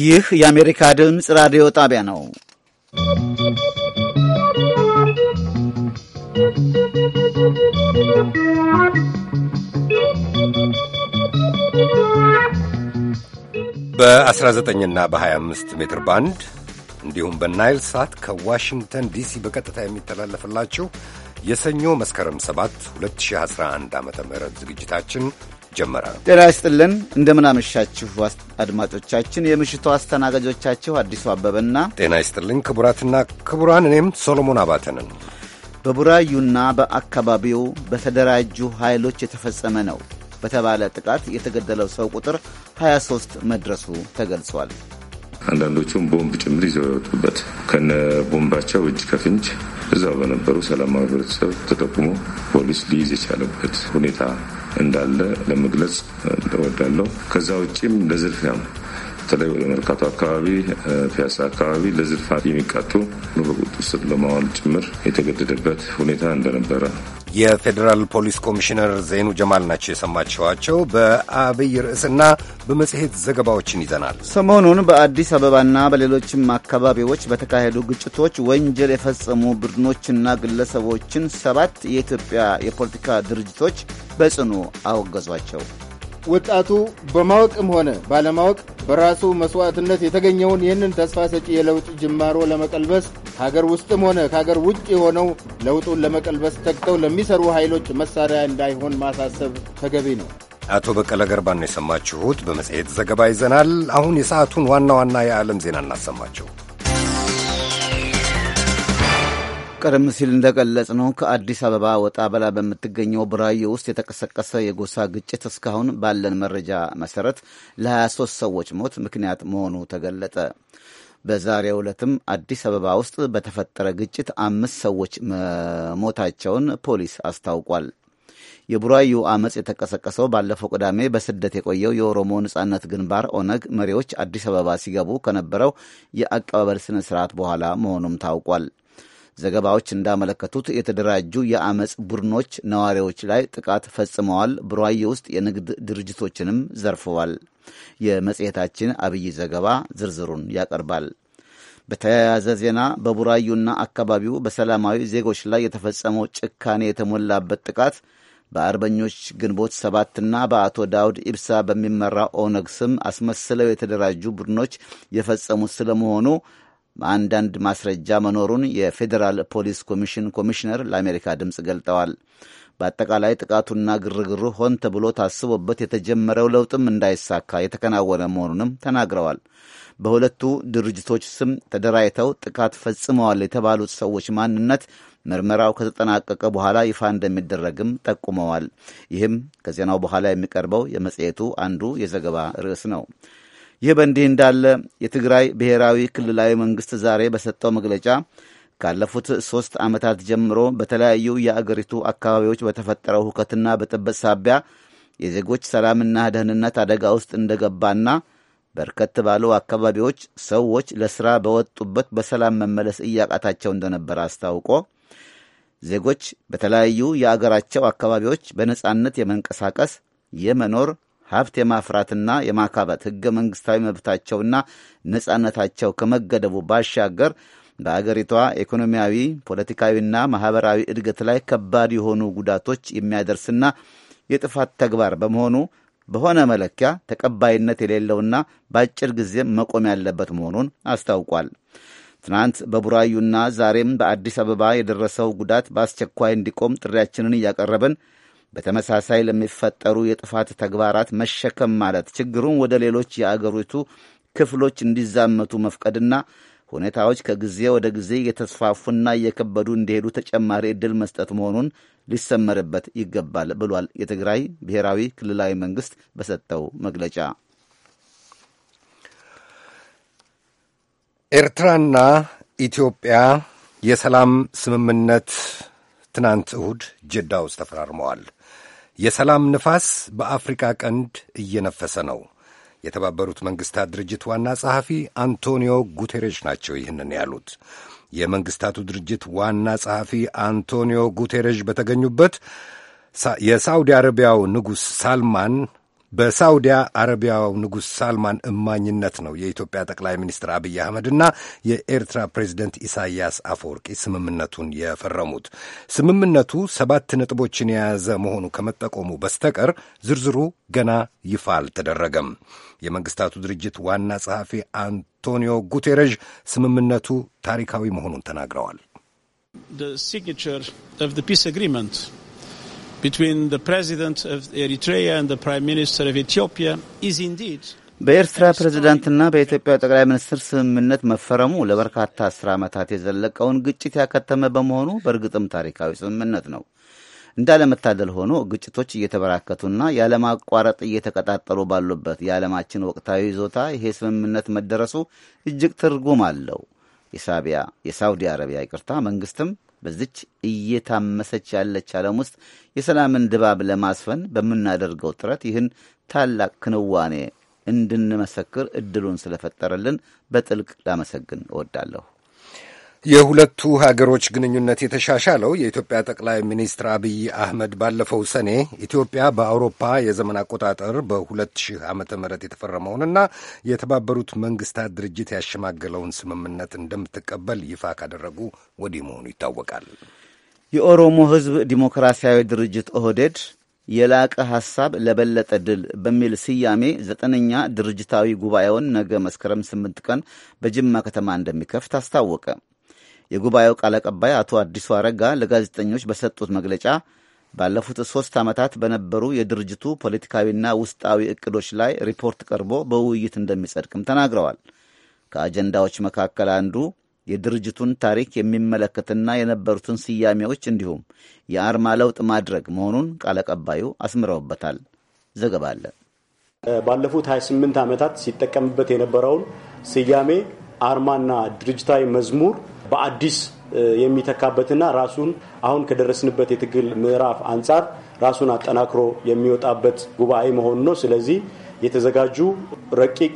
ይህ የአሜሪካ ድምፅ ራዲዮ ጣቢያ ነው። በ19ና በ25 ሜትር ባንድ እንዲሁም በናይል ሳት ከዋሽንግተን ዲሲ በቀጥታ የሚተላለፍላችሁ የሰኞ መስከረም 7 2011 ዓ ም ዝግጅታችን ይጀመራል። ጤና ይስጥልን፣ እንደምናመሻችሁ አድማጮቻችን። የምሽቱ አስተናጋጆቻችሁ አዲሱ አበበና ጤና ይስጥልኝ ክቡራትና ክቡራን፣ እኔም ሶሎሞን አባተንን በቡራዩና በአካባቢው በተደራጁ ኃይሎች የተፈጸመ ነው በተባለ ጥቃት የተገደለው ሰው ቁጥር 23 መድረሱ ተገልጿል። አንዳንዶቹም ቦምብ ጭምር ይዘው የወጡበት ከነ ቦምባቸው እጅ ከፍንጅ እዛው በነበሩ ሰላማዊ ህብረተሰብ ተጠቁሞ ፖሊስ ሊይዝ የቻለበት ሁኔታ እንዳለ ለመግለጽ እወዳለሁ። ከዛ ውጭም ለዝርፊያም በተለይ ወደ መርካቶ አካባቢ፣ ፒያሳ አካባቢ ለዝርፋ የሚቀጡ በቁጥጥር ስር ለማዋል ጭምር የተገደደበት ሁኔታ እንደነበረ የፌዴራል ፖሊስ ኮሚሽነር ዘይኑ ጀማል ናቸው የሰማችኋቸው። በአብይ ርዕስና በመጽሔት ዘገባዎችን ይዘናል። ሰሞኑን በአዲስ አበባና በሌሎችም አካባቢዎች በተካሄዱ ግጭቶች ወንጀል የፈጸሙ ቡድኖችና ግለሰቦችን ሰባት የኢትዮጵያ የፖለቲካ ድርጅቶች በጽኑ አወገዟቸው። ወጣቱ በማወቅም ሆነ ባለማወቅ በራሱ መስዋዕትነት የተገኘውን ይህንን ተስፋ ሰጪ የለውጥ ጅማሮ ለመቀልበስ ከሀገር ውስጥም ሆነ ከሀገር ውጭ የሆነው ለውጡን ለመቀልበስ ተግተው ለሚሰሩ ኃይሎች መሳሪያ እንዳይሆን ማሳሰብ ተገቢ ነው። አቶ በቀለ ገርባ ነው የሰማችሁት። በመጽሔት ዘገባ ይዘናል። አሁን የሰዓቱን ዋና ዋና የዓለም ዜና እናሰማችሁ። ቀደም ሲል እንደገለጽ ነው ከአዲስ አበባ ወጣ በላ በምትገኘው ብራዮ ውስጥ የተቀሰቀሰ የጎሳ ግጭት እስካሁን ባለን መረጃ መሰረት ለ23 ሰዎች ሞት ምክንያት መሆኑ ተገለጠ። በዛሬ ዕለትም አዲስ አበባ ውስጥ በተፈጠረ ግጭት አምስት ሰዎች መሞታቸውን ፖሊስ አስታውቋል። የቡራዩ አመፅ የተቀሰቀሰው ባለፈው ቅዳሜ በስደት የቆየው የኦሮሞ ነጻነት ግንባር ኦነግ መሪዎች አዲስ አበባ ሲገቡ ከነበረው የአቀባበል ስነ ስርዓት በኋላ መሆኑም ታውቋል። ዘገባዎች እንዳመለከቱት የተደራጁ የአመፅ ቡድኖች ነዋሪዎች ላይ ጥቃት ፈጽመዋል፣ ብሯዬ ውስጥ የንግድ ድርጅቶችንም ዘርፈዋል። የመጽሔታችን አብይ ዘገባ ዝርዝሩን ያቀርባል። በተያያዘ ዜና በቡራዩና አካባቢው በሰላማዊ ዜጎች ላይ የተፈጸመው ጭካኔ የተሞላበት ጥቃት በአርበኞች ግንቦት ሰባትና በአቶ ዳውድ ኢብሳ በሚመራ ኦነግ ስም አስመስለው የተደራጁ ቡድኖች የፈጸሙት ስለመሆኑ አንዳንድ ማስረጃ መኖሩን የፌዴራል ፖሊስ ኮሚሽን ኮሚሽነር ለአሜሪካ ድምፅ ገልጠዋል። በአጠቃላይ ጥቃቱና ግርግሩ ሆን ተብሎ ታስቦበት የተጀመረው ለውጥም እንዳይሳካ የተከናወነ መሆኑንም ተናግረዋል። በሁለቱ ድርጅቶች ስም ተደራጅተው ጥቃት ፈጽመዋል የተባሉት ሰዎች ማንነት ምርመራው ከተጠናቀቀ በኋላ ይፋ እንደሚደረግም ጠቁመዋል። ይህም ከዜናው በኋላ የሚቀርበው የመጽሔቱ አንዱ የዘገባ ርዕስ ነው። ይህ በእንዲህ እንዳለ የትግራይ ብሔራዊ ክልላዊ መንግስት ዛሬ በሰጠው መግለጫ ካለፉት ሶስት ዓመታት ጀምሮ በተለያዩ የአገሪቱ አካባቢዎች በተፈጠረው ሁከትና ብጥብጥ ሳቢያ የዜጎች ሰላምና ደህንነት አደጋ ውስጥ እንደገባና በርከት ባሉ አካባቢዎች ሰዎች ለሥራ በወጡበት በሰላም መመለስ እያቃታቸው እንደነበር አስታውቆ ዜጎች በተለያዩ የአገራቸው አካባቢዎች በነጻነት የመንቀሳቀስ የመኖር ሀብት የማፍራትና የማካበት ህገ መንግስታዊ መብታቸውና ነጻነታቸው ከመገደቡ ባሻገር በአገሪቷ ኢኮኖሚያዊ፣ ፖለቲካዊና ማህበራዊ እድገት ላይ ከባድ የሆኑ ጉዳቶች የሚያደርስና የጥፋት ተግባር በመሆኑ በሆነ መለኪያ ተቀባይነት የሌለውና በአጭር ጊዜ መቆም ያለበት መሆኑን አስታውቋል። ትናንት በቡራዩና ዛሬም በአዲስ አበባ የደረሰው ጉዳት በአስቸኳይ እንዲቆም ጥሪያችንን እያቀረብን በተመሳሳይ ለሚፈጠሩ የጥፋት ተግባራት መሸከም ማለት ችግሩን ወደ ሌሎች የአገሪቱ ክፍሎች እንዲዛመቱ መፍቀድና ሁኔታዎች ከጊዜ ወደ ጊዜ እየተስፋፉና እየከበዱ እንዲሄዱ ተጨማሪ እድል መስጠት መሆኑን ሊሰመርበት ይገባል ብሏል የትግራይ ብሔራዊ ክልላዊ መንግስት በሰጠው መግለጫ። ኤርትራና ኢትዮጵያ የሰላም ስምምነት ትናንት እሁድ ጅዳ ውስጥ ተፈራርመዋል። የሰላም ንፋስ በአፍሪካ ቀንድ እየነፈሰ ነው። የተባበሩት መንግሥታት ድርጅት ዋና ጸሐፊ አንቶኒዮ ጉቴሬሽ ናቸው ይህንን ያሉት። የመንግሥታቱ ድርጅት ዋና ጸሐፊ አንቶኒዮ ጉቴሬሽ በተገኙበት የሳዑዲ አረቢያው ንጉሥ ሳልማን በሳውዲያ አረቢያው ንጉሥ ሳልማን እማኝነት ነው የኢትዮጵያ ጠቅላይ ሚኒስትር አብይ አህመድና የኤርትራ ፕሬዚደንት ኢሳያስ አፈወርቂ ስምምነቱን የፈረሙት። ስምምነቱ ሰባት ነጥቦችን የያዘ መሆኑ ከመጠቆሙ በስተቀር ዝርዝሩ ገና ይፋ አልተደረገም። የመንግስታቱ ድርጅት ዋና ጸሐፊ አንቶኒዮ ጉቴረዥ ስምምነቱ ታሪካዊ መሆኑን ተናግረዋል። በኤርትራ ፕሬዝዳንትና በኢትዮጵያ ጠቅላይ ሚኒስትር ስምምነት መፈረሙ ለበርካታ አስር ዓመታት የዘለቀውን ግጭት ያከተመ በመሆኑ በእርግጥም ታሪካዊ ስምምነት ነው። እንዳለመታደል ሆኖ ግጭቶች እየተበራከቱና ያለማቋረጥ እየተቀጣጠሉ ባሉበት የዓለማችን ወቅታዊ ይዞታ ይሄ ስምምነት መደረሱ እጅግ ትርጉም አለው። የሳቢያ የሳውዲ አረቢያ ይቅርታ መንግስትም በዚች እየታመሰች ያለች ዓለም ውስጥ የሰላምን ድባብ ለማስፈን በምናደርገው ጥረት ይህን ታላቅ ክንዋኔ እንድንመሰክር እድሉን ስለፈጠረልን በጥልቅ ላመሰግን እወዳለሁ። የሁለቱ ሀገሮች ግንኙነት የተሻሻለው የኢትዮጵያ ጠቅላይ ሚኒስትር አብይ አህመድ ባለፈው ሰኔ ኢትዮጵያ በአውሮፓ የዘመን አቆጣጠር በ2000 ዓመተ ምህረት የተፈረመውንና የተባበሩት መንግስታት ድርጅት ያሸማገለውን ስምምነት እንደምትቀበል ይፋ ካደረጉ ወዲህ መሆኑ ይታወቃል። የኦሮሞ ሕዝብ ዲሞክራሲያዊ ድርጅት ኦህዴድ የላቀ ሐሳብ ለበለጠ ድል በሚል ስያሜ ዘጠነኛ ድርጅታዊ ጉባኤውን ነገ መስከረም ስምንት ቀን በጅማ ከተማ እንደሚከፍት አስታወቀ። የጉባኤው ቃል አቀባይ አቶ አዲሱ አረጋ ለጋዜጠኞች በሰጡት መግለጫ ባለፉት ሶስት ዓመታት በነበሩ የድርጅቱ ፖለቲካዊና ውስጣዊ እቅዶች ላይ ሪፖርት ቀርቦ በውይይት እንደሚጸድቅም ተናግረዋል። ከአጀንዳዎች መካከል አንዱ የድርጅቱን ታሪክ የሚመለከትና የነበሩትን ስያሜዎች እንዲሁም የአርማ ለውጥ ማድረግ መሆኑን ቃል አቀባዩ አስምረውበታል። ዘገባ አለ። ባለፉት 28 ዓመታት ሲጠቀምበት የነበረውን ስያሜ አርማና ድርጅታዊ መዝሙር በአዲስ የሚተካበትና ራሱን አሁን ከደረስንበት የትግል ምዕራፍ አንጻር ራሱን አጠናክሮ የሚወጣበት ጉባኤ መሆኑ ነው። ስለዚህ የተዘጋጁ ረቂቅ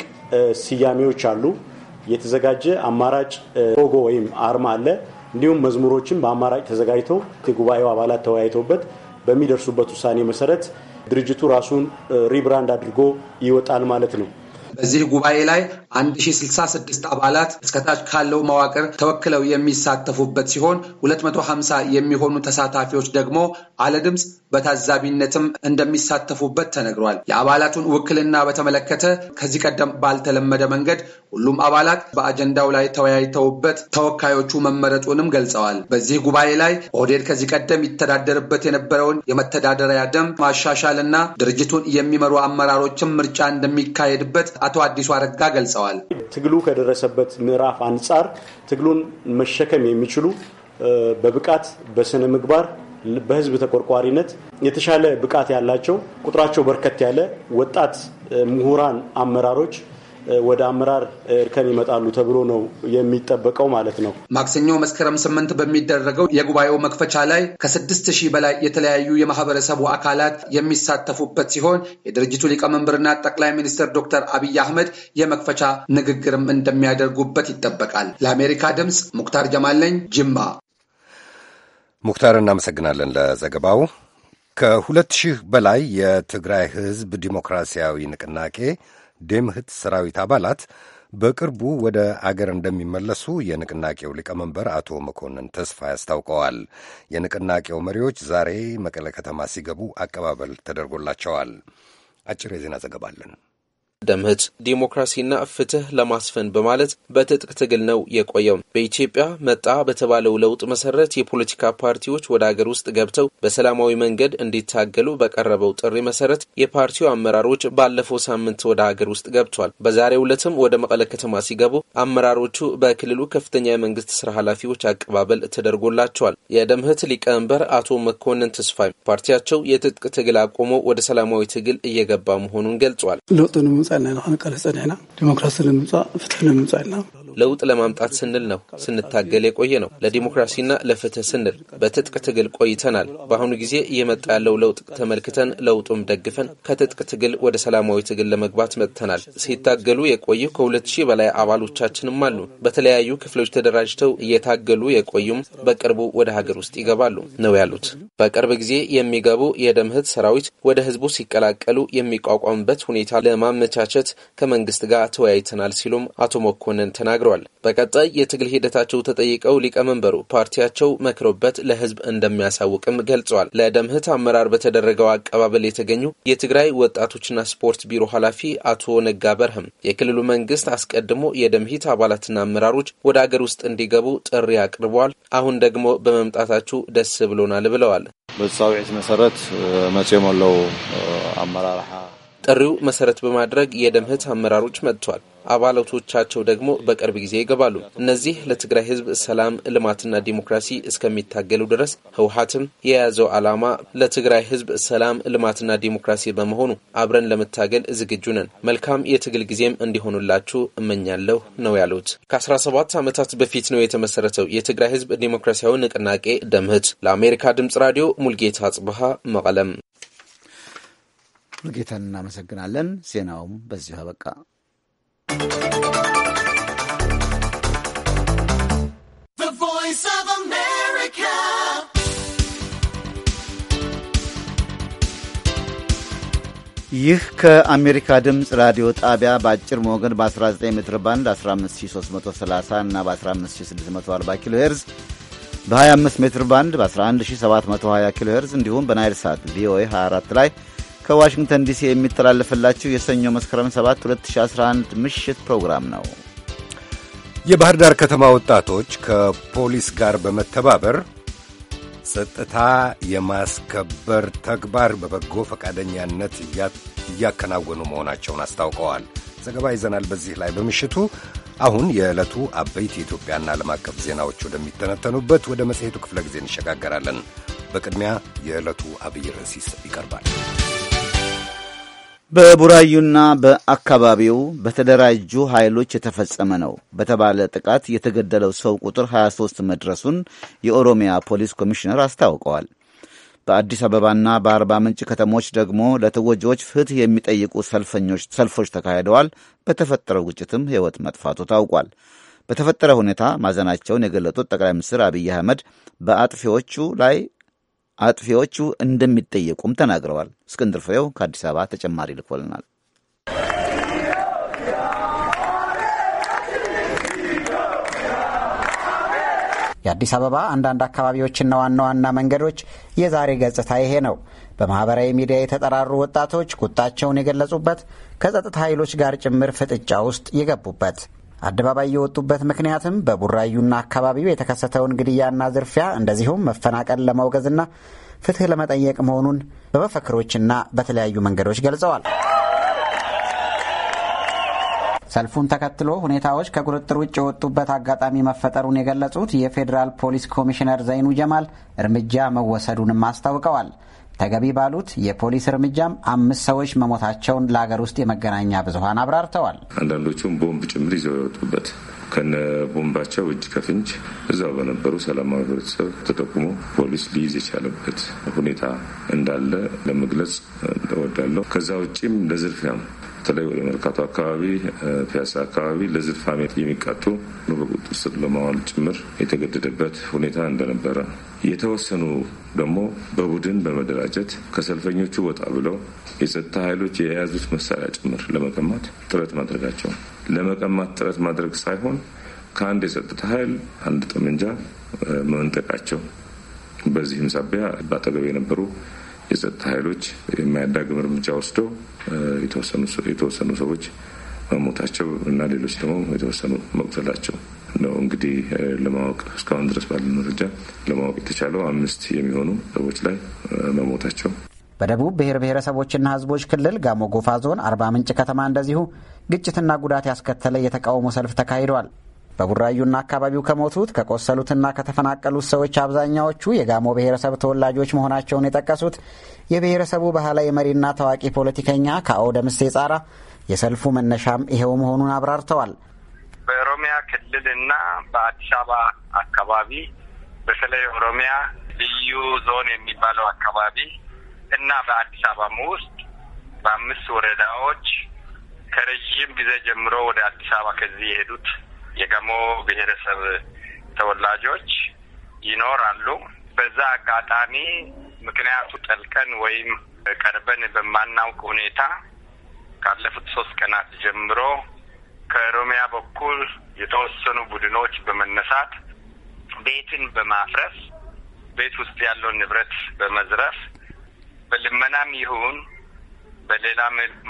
ስያሜዎች አሉ። የተዘጋጀ አማራጭ ሎጎ ወይም አርማ አለ። እንዲሁም መዝሙሮችን በአማራጭ ተዘጋጅተው የጉባኤው አባላት ተወያይተውበት በሚደርሱበት ውሳኔ መሰረት ድርጅቱ ራሱን ሪብራንድ አድርጎ ይወጣል ማለት ነው። በዚህ ጉባኤ ላይ 1066 አባላት እስከታች ካለው መዋቅር ተወክለው የሚሳተፉበት ሲሆን 250 የሚሆኑ ተሳታፊዎች ደግሞ አለድምፅ በታዛቢነትም እንደሚሳተፉበት ተነግሯል። የአባላቱን ውክልና በተመለከተ ከዚህ ቀደም ባልተለመደ መንገድ ሁሉም አባላት በአጀንዳው ላይ ተወያይተውበት ተወካዮቹ መመረጡንም ገልጸዋል። በዚህ ጉባኤ ላይ ኦህዴድ ከዚህ ቀደም ይተዳደርበት የነበረውን የመተዳደሪያ ደንብ ማሻሻልና ድርጅቱን የሚመሩ አመራሮችም ምርጫ እንደሚካሄድበት አቶ አዲሱ አረጋ ገልጸዋል። ትግሉ ከደረሰበት ምዕራፍ አንጻር ትግሉን መሸከም የሚችሉ በብቃት በስነ ምግባር በህዝብ ተቆርቋሪነት የተሻለ ብቃት ያላቸው ቁጥራቸው በርከት ያለ ወጣት ምሁራን አመራሮች ወደ አመራር እርከን ይመጣሉ ተብሎ ነው የሚጠበቀው ማለት ነው። ማክሰኞ መስከረም ስምንት በሚደረገው የጉባኤው መክፈቻ ላይ ከስድስት ሺህ በላይ የተለያዩ የማህበረሰቡ አካላት የሚሳተፉበት ሲሆን የድርጅቱ ሊቀመንበርና ጠቅላይ ሚኒስትር ዶክተር አብይ አህመድ የመክፈቻ ንግግርም እንደሚያደርጉበት ይጠበቃል። ለአሜሪካ ድምፅ ሙክታር ጀማል ነኝ ጅማ። ሙክታር እናመሰግናለን ለዘገባው። ከሁለት ሺህ በላይ የትግራይ ህዝብ ዲሞክራሲያዊ ንቅናቄ ዴምህት ሰራዊት አባላት በቅርቡ ወደ አገር እንደሚመለሱ የንቅናቄው ሊቀመንበር አቶ መኮንን ተስፋ ያስታውቀዋል። የንቅናቄው መሪዎች ዛሬ መቀለ ከተማ ሲገቡ አቀባበል ተደርጎላቸዋል። አጭር የዜና ዘገባ አለን። ደምህት ዲሞክራሲና ፍትህ ለማስፈን በማለት በትጥቅ ትግል ነው የቆየው። በኢትዮጵያ መጣ በተባለው ለውጥ መሰረት የፖለቲካ ፓርቲዎች ወደ አገር ውስጥ ገብተው በሰላማዊ መንገድ እንዲታገሉ በቀረበው ጥሪ መሰረት የፓርቲው አመራሮች ባለፈው ሳምንት ወደ አገር ውስጥ ገብቷል። በዛሬው ዕለትም ወደ መቀለ ከተማ ሲገቡ አመራሮቹ በክልሉ ከፍተኛ የመንግስት ስራ ኃላፊዎች አቀባበል ተደርጎላቸዋል። የደምህት ሊቀመንበር አቶ መኮንን ተስፋይ ፓርቲያቸው የትጥቅ ትግል አቆሞ ወደ ሰላማዊ ትግል እየገባ መሆኑን ገልጿል። ንምምፃእ ኢና ክንቃለሰ ኒሕና ዲሞክራሲ ንምምፃእ ፍትሒ ንምምፃእ ኢልና ለውጥ ለማምጣት ስንል ነው ስንታገል የቆየ ነው። ለዲሞክራሲና ለፍትህ ስንል በትጥቅ ትግል ቆይተናል። በአሁኑ ጊዜ እየመጣ ያለው ለውጥ ተመልክተን ለውጡም ደግፈን ከትጥቅ ትግል ወደ ሰላማዊ ትግል ለመግባት መጥተናል። ሲታገሉ የቆዩ ከሁለት ሺህ በላይ አባሎቻችንም አሉ። በተለያዩ ክፍሎች ተደራጅተው እየታገሉ የቆዩም በቅርቡ ወደ ሀገር ውስጥ ይገባሉ ነው ያሉት። በቅርብ ጊዜ የሚገቡ የደምህት ሰራዊት ወደ ህዝቡ ሲቀላቀሉ የሚቋቋምበት ሁኔታ ለማመቻቸት ከመንግስት ጋር ተወያይተናል ሲሉም አቶ መኮንን ተናግረዋል። ተናግረዋል። በቀጣይ የትግል ሂደታቸው ተጠይቀው ሊቀመንበሩ ፓርቲያቸው መክሮበት ለህዝብ እንደሚያሳውቅም ገልጸዋል። ለደምህት አመራር በተደረገው አቀባበል የተገኙ የትግራይ ወጣቶችና ስፖርት ቢሮ ኃላፊ አቶ ነጋ በርህም የክልሉ መንግስት አስቀድሞ የደምህት አባላትና አመራሮች ወደ አገር ውስጥ እንዲገቡ ጥሪ አቅርበዋል። አሁን ደግሞ በመምጣታችሁ ደስ ብሎናል ብለዋል። በተጻውዒት መሰረት መጽኦም አለው አመራርሓ ጥሪው መሰረት በማድረግ የደምህት አመራሮች መጥቷል። አባላቶቻቸው ደግሞ በቅርብ ጊዜ ይገባሉ። እነዚህ ለትግራይ ህዝብ ሰላም፣ ልማትና ዲሞክራሲ እስከሚታገሉ ድረስ ህወሀትም የያዘው ዓላማ ለትግራይ ህዝብ ሰላም፣ ልማትና ዲሞክራሲ በመሆኑ አብረን ለመታገል ዝግጁ ነን። መልካም የትግል ጊዜም እንዲሆኑላችሁ እመኛለሁ ነው ያሉት። ከ17 ዓመታት በፊት ነው የተመሰረተው የትግራይ ህዝብ ዲሞክራሲያዊ ንቅናቄ ደምህት። ለአሜሪካ ድምጽ ራዲዮ ሙልጌታ አጽብሃ መቀለም ሙሉጌታን እናመሰግናለን። ዜናውም በዚሁ አበቃ። ይህ ከአሜሪካ ድምፅ ራዲዮ ጣቢያ በአጭር ሞገድ በ19 ሜትር ባንድ 15330 እና በ15640 ኪሎ ሄርዝ በ25 ሜትር ባንድ በ11720 ኪሎ ሄርዝ እንዲሁም በናይል ሳት ቪኦኤ 24 ላይ ከዋሽንግተን ዲሲ የሚተላለፍላችሁ የሰኞ መስከረም 7 2011 ምሽት ፕሮግራም ነው። የባህር ዳር ከተማ ወጣቶች ከፖሊስ ጋር በመተባበር ጸጥታ የማስከበር ተግባር በበጎ ፈቃደኛነት እያከናወኑ መሆናቸውን አስታውቀዋል። ዘገባ ይዘናል በዚህ ላይ በምሽቱ። አሁን የዕለቱ አበይት የኢትዮጵያና ዓለም አቀፍ ዜናዎች ወደሚተነተኑበት ወደ መጽሔቱ ክፍለ ጊዜ እንሸጋገራለን። በቅድሚያ የዕለቱ አብይ ርዕስ ይቀርባል። በቡራዩና በአካባቢው በተደራጁ ኃይሎች የተፈጸመ ነው በተባለ ጥቃት የተገደለው ሰው ቁጥር 23 መድረሱን የኦሮሚያ ፖሊስ ኮሚሽነር አስታውቀዋል። በአዲስ አበባና በአርባ ምንጭ ከተሞች ደግሞ ለተጎጂዎች ፍትህ የሚጠይቁ ሰልፎች ተካሂደዋል። በተፈጠረው ግጭትም ሕይወት መጥፋቱ ታውቋል። በተፈጠረ ሁኔታ ማዘናቸውን የገለጡት ጠቅላይ ሚኒስትር አብይ አህመድ በአጥፊዎቹ ላይ አጥፊዎቹ እንደሚጠየቁም ተናግረዋል። እስክንድር ፍሬው ከአዲስ አበባ ተጨማሪ ልኮልናል። የአዲስ አበባ አንዳንድ አካባቢዎችና ዋና ዋና መንገዶች የዛሬ ገጽታ ይሄ ነው። በማኅበራዊ ሚዲያ የተጠራሩ ወጣቶች ቁጣቸውን የገለጹበት፣ ከጸጥታ ኃይሎች ጋር ጭምር ፍጥጫ ውስጥ የገቡበት አደባባይ የወጡበት ምክንያትም በቡራዩና አካባቢው የተከሰተውን ግድያና ዝርፊያ እንደዚሁም መፈናቀል ለማውገዝና ፍትህ ለመጠየቅ መሆኑን በመፈክሮችና በተለያዩ መንገዶች ገልጸዋል። ሰልፉን ተከትሎ ሁኔታዎች ከቁጥጥር ውጭ የወጡበት አጋጣሚ መፈጠሩን የገለጹት የፌዴራል ፖሊስ ኮሚሽነር ዘይኑ ጀማል እርምጃ መወሰዱንም አስታውቀዋል። ተገቢ ባሉት የፖሊስ እርምጃም አምስት ሰዎች መሞታቸውን ለሀገር ውስጥ የመገናኛ ብዙኃን አብራርተዋል። አንዳንዶቹም ቦምብ ጭምር ይዘው የወጡበት ከነ ቦምባቸው እጅ ከፍንጅ እዛው በነበሩ ሰላማዊ ህብረተሰብ ተጠቁሞ ፖሊስ ሊይዝ የቻለበት ሁኔታ እንዳለ ለመግለጽ እወዳለሁ። ከዛ ውጭም ለዝርፊያም በተለይ ወደ መርካቶ አካባቢ፣ ፒያሳ አካባቢ ለዝርፋ የሚቃጡ በቁጥጥር ስር ለማዋል ጭምር የተገደደበት ሁኔታ እንደነበረ የተወሰኑ ደግሞ በቡድን በመደራጀት ከሰልፈኞቹ ወጣ ብለው የጸጥታ ኃይሎች የያዙት መሳሪያ ጭምር ለመቀማት ጥረት ማድረጋቸው ለመቀማት ጥረት ማድረግ ሳይሆን ከአንድ የጸጥታ ኃይል አንድ ጠመንጃ መንጠቃቸው በዚህም ሳቢያ በአጠገብ የነበሩ የጸጥታ ኃይሎች የማያዳግም እርምጃ ወስደው የተወሰኑ ሰዎች መሞታቸው እና ሌሎች ደግሞ የተወሰኑ መቁሰላቸው ነው እንግዲህ ለማወቅ እስካሁን ድረስ ባለ መረጃ ለማወቅ የተቻለው አምስት የሚሆኑ ሰዎች ላይ መሞታቸው በደቡብ ብሔር ብሔረሰቦችና ሕዝቦች ክልል ጋሞ ጎፋ ዞን አርባ ምንጭ ከተማ እንደዚሁ ግጭትና ጉዳት ያስከተለ የተቃውሞ ሰልፍ ተካሂዷል። በቡራዩና አካባቢው ከሞቱት ከቆሰሉትና ከተፈናቀሉት ሰዎች አብዛኛዎቹ የጋሞ ብሔረሰብ ተወላጆች መሆናቸውን የጠቀሱት የብሔረሰቡ ባህላዊ መሪና ታዋቂ ፖለቲከኛ ከአዎ ደምሴ ጻራ የሰልፉ መነሻም ይኸው መሆኑን አብራርተዋል። በኦሮሚያ ክልል እና በአዲስ አበባ አካባቢ በተለይ ኦሮሚያ ልዩ ዞን የሚባለው አካባቢ እና በአዲስ አበባም ውስጥ በአምስት ወረዳዎች ከረዥም ጊዜ ጀምሮ ወደ አዲስ አበባ ከዚህ የሄዱት የገሞ ብሔረሰብ ተወላጆች ይኖራሉ። በዛ አጋጣሚ ምክንያቱ ጠልቀን ወይም ቀርበን በማናውቅ ሁኔታ ካለፉት ሶስት ቀናት ጀምሮ ከሮ በኦሮሚያ በኩል የተወሰኑ ቡድኖች በመነሳት ቤትን በማፍረስ ቤት ውስጥ ያለውን ንብረት በመዝረፍ በልመናም ይሁን በሌላ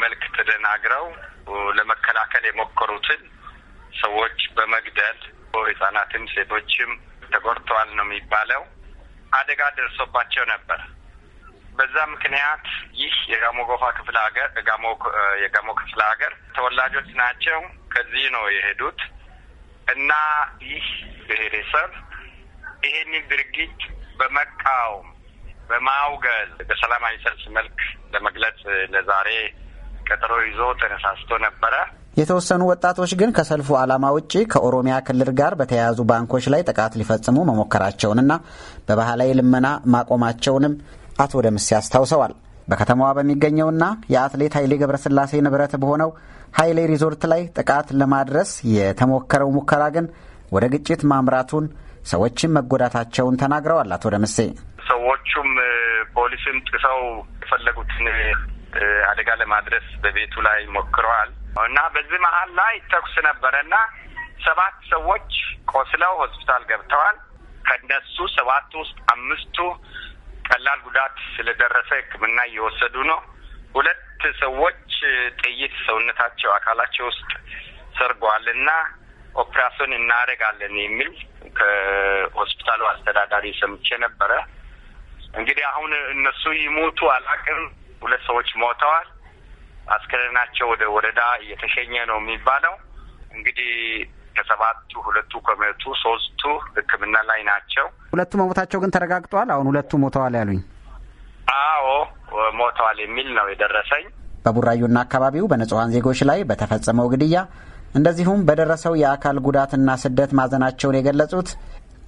መልክ ተደናግረው ለመከላከል የሞከሩትን ሰዎች በመግደል ህጻናትም ሴቶችም ተጎድተዋል ነው የሚባለው። አደጋ ደርሶባቸው ነበር። በዛ ምክንያት ይህ የጋሞ ጎፋ ክፍለ ሀገር የጋሞ ክፍለ ሀገር ተወላጆች ናቸው ከዚህ ነው የሄዱት እና ይህ ብሔረሰብ ይሄንን ድርጊት በመቃወም በማውገዝ በሰላማዊ ሰልፍ መልክ ለመግለጽ ለዛሬ ቀጠሮ ይዞ ተነሳስቶ ነበረ። የተወሰኑ ወጣቶች ግን ከሰልፉ ዓላማ ውጪ ከኦሮሚያ ክልል ጋር በተያያዙ ባንኮች ላይ ጥቃት ሊፈጽሙ መሞከራቸውንና በባህላዊ ልመና ማቆማቸውንም አቶ ደምስ ያስታውሰዋል። በከተማዋ በሚገኘውና የአትሌት ኃይሌ ገብረስላሴ ንብረት በሆነው ሀይሌ ሪዞርት ላይ ጥቃት ለማድረስ የተሞከረው ሙከራ ግን ወደ ግጭት ማምራቱን ሰዎችም መጎዳታቸውን ተናግረዋል። አቶ ደምሴ ሰዎቹም ፖሊስን ጥሰው የፈለጉትን አደጋ ለማድረስ በቤቱ ላይ ሞክረዋል እና በዚህ መሀል ላይ ተኩስ ነበረና ሰባት ሰዎች ቆስለው ሆስፒታል ገብተዋል። ከነሱ ሰባቱ ውስጥ አምስቱ ቀላል ጉዳት ስለደረሰ ሕክምና እየወሰዱ ነው። ሁለት ሰዎች ጥይት ሰውነታቸው አካላቸው ውስጥ ሰርጓል እና ኦፕራሲዮን እናደርጋለን የሚል ከሆስፒታሉ አስተዳዳሪ ሰምቼ ነበረ። እንግዲህ አሁን እነሱ ይሞቱ አላቅም። ሁለት ሰዎች ሞተዋል። አስክሬናቸው ወደ ወረዳ እየተሸኘ ነው የሚባለው። እንግዲህ ከሰባቱ ሁለቱ ከመቱ ሶስቱ ሕክምና ላይ ናቸው። ሁለቱ መሞታቸው ግን ተረጋግጠዋል። አሁን ሁለቱ ሞተዋል ያሉኝ ሞተዋል የሚል ነው የደረሰኝ። በቡራዩና አካባቢው በንጹሐን ዜጎች ላይ በተፈጸመው ግድያ እንደዚሁም በደረሰው የአካል ጉዳትና ስደት ማዘናቸውን የገለጹት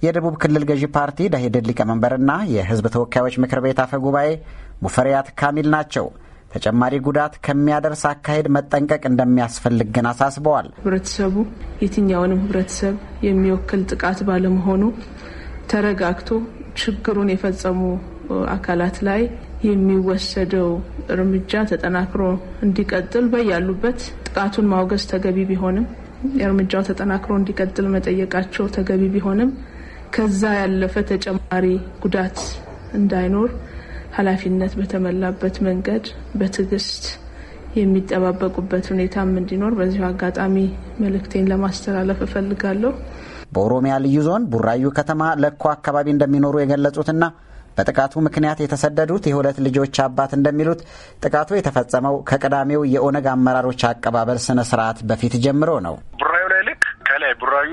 የደቡብ ክልል ገዢ ፓርቲ ደኢህዴን ሊቀመንበርና የህዝብ ተወካዮች ምክር ቤት አፈ ጉባኤ ሙፈሪያት ካሚል ናቸው። ተጨማሪ ጉዳት ከሚያደርስ አካሄድ መጠንቀቅ እንደሚያስፈልግ ግን አሳስበዋል። ህብረተሰቡ የትኛውንም ህብረተሰብ የሚወክል ጥቃት ባለመሆኑ ተረጋግቶ ችግሩን የፈጸሙ አካላት ላይ የሚወሰደው እርምጃ ተጠናክሮ እንዲቀጥል በያሉበት ጥቃቱን ማውገዝ ተገቢ ቢሆንም እርምጃው ተጠናክሮ እንዲቀጥል መጠየቃቸው ተገቢ ቢሆንም ከዛ ያለፈ ተጨማሪ ጉዳት እንዳይኖር ኃላፊነት በተሞላበት መንገድ በትዕግስት የሚጠባበቁበት ሁኔታም እንዲኖር በዚሁ አጋጣሚ መልእክቴን ለማስተላለፍ እፈልጋለሁ። በኦሮሚያ ልዩ ዞን ቡራዩ ከተማ ለኮ አካባቢ እንደሚኖሩ የገለጹትና በጥቃቱ ምክንያት የተሰደዱት የሁለት ልጆች አባት እንደሚሉት ጥቃቱ የተፈጸመው ከቅዳሜው የኦነግ አመራሮች አቀባበል ስነ ስርዓት በፊት ጀምሮ ነው። ቡራዩ ላይ ልክ ከላይ ቡራዩ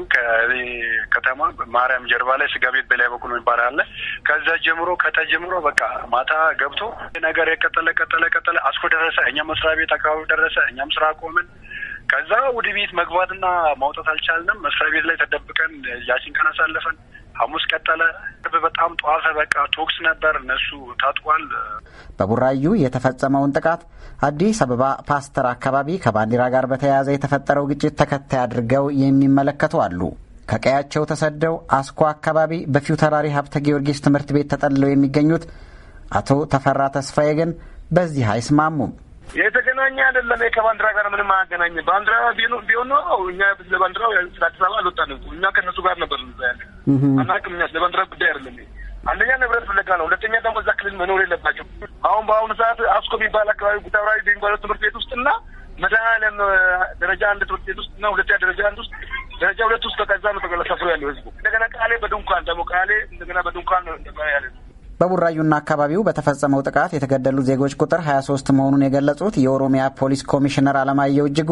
ከተማ ማርያም ጀርባ ላይ ስጋ ቤት በላይ በኩል የሚባል አለ። ከዛ ጀምሮ ከታ ጀምሮ በቃ ማታ ገብቶ ነገር የቀጠለ ቀጠለ ቀጠለ አስኮ ደረሰ። እኛም መስሪያ ቤት አካባቢ ደረሰ። እኛም ስራ ቆምን። ከዛ ወደ ቤት መግባትና ማውጣት አልቻልንም። መስሪያ ቤት ላይ ተደብቀን ያችን ቀን አሳለፈን። ሐሙስ ቀጠለ። በጣም ጠዋፈ በቃ ቶክስ ነበር። እነሱ ታጥቋል። በቡራዩ የተፈጸመውን ጥቃት አዲስ አበባ ፓስተር አካባቢ ከባንዲራ ጋር በተያያዘ የተፈጠረው ግጭት ተከታይ አድርገው የሚመለከቱ አሉ። ከቀያቸው ተሰደው አስኮ አካባቢ በፊውተራሪ ሀብተ ጊዮርጊስ ትምህርት ቤት ተጠልለው የሚገኙት አቶ ተፈራ ተስፋዬ ግን በዚህ አይስማሙም። የተገናኘ አይደለም። ከባንዲራ ጋር ምንም አያገናኝ። ባንዲራ ቢሆን ነው እኛ ስለ ባንዲራው ስለ አዲስ አበባ አልወጣንም። እኛ ከእነሱ ጋር ነበር ያለ አናውቅም። እኛ ስለ ባንዲራ ጉዳይ አይደለም። አንደኛ ንብረት ፍለጋ ነው። ሁለተኛ ደግሞ እዛ ክልል መኖር የለባቸው። አሁን በአሁኑ ሰዓት አስኮ የሚባል አካባቢ ጉታብራዊ የሚባለው ትምህርት ቤት ውስጥ እና መድኃኔዓለም ደረጃ አንድ ትምህርት ቤት ውስጥ እና ሁለተኛ ደረጃ አንድ ውስጥ ደረጃ ሁለት ውስጥ በቀዛ ነው ተሰፍሮ ያለው ህዝቡ። እንደገና ቃሌ በድንኳን ደግሞ ቃሌ እንደገና በድንኳን ነው ያለ በቡራዩና አካባቢው በተፈጸመው ጥቃት የተገደሉ ዜጎች ቁጥር 23 መሆኑን የገለጹት የኦሮሚያ ፖሊስ ኮሚሽነር አለማየሁ እጅጉ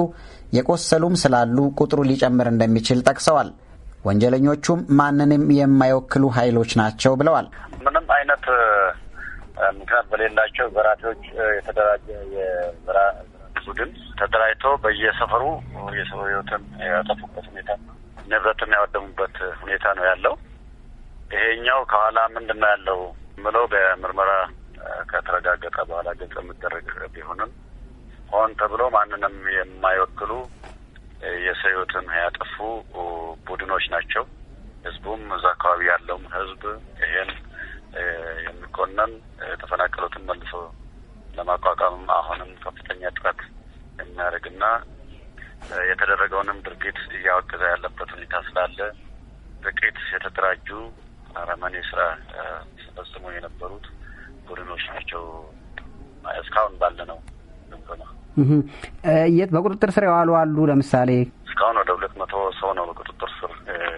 የቆሰሉም ስላሉ ቁጥሩ ሊጨምር እንደሚችል ጠቅሰዋል። ወንጀለኞቹም ማንንም የማይወክሉ ኃይሎች ናቸው ብለዋል። ምንም አይነት ምክንያት በሌላቸው ዘራፊዎች የተደራጀ የዘራ ቡድን ተደራጅቶ በየሰፈሩ የሰው ህይወትን ያጠፉበት ሁኔታ ንብረትም ያወደሙበት ሁኔታ ነው ያለው። ይሄኛው ከኋላ ምንድን ነው ያለው ምለው በምርመራ ከተረጋገጠ በኋላ ግልጽ የምደረግ ቢሆንም ሆን ተብሎ ማንንም የማይወክሉ የሰው ሕይወትን ያጠፉ ቡድኖች ናቸው። ህዝቡም እዛ አካባቢ ያለውም ህዝብ ይሄን የሚኮነን የተፈናቀሉትን መልሶ ለማቋቋምም አሁንም ከፍተኛ ጥረት የሚያደርግና የተደረገውንም ድርጊት እያወገዘ ያለበት ሁኔታ ስላለ ጥቂት የተደራጁ አረመኔ ስራ ሲፈጽሙ የነበሩት ቡድኖች ናቸው። እስካሁን ባለ ነው የት በቁጥጥር ስር የዋሉ አሉ። ለምሳሌ እስካሁን ወደ ሁለት መቶ ሰው ነው በቁጥጥር ስር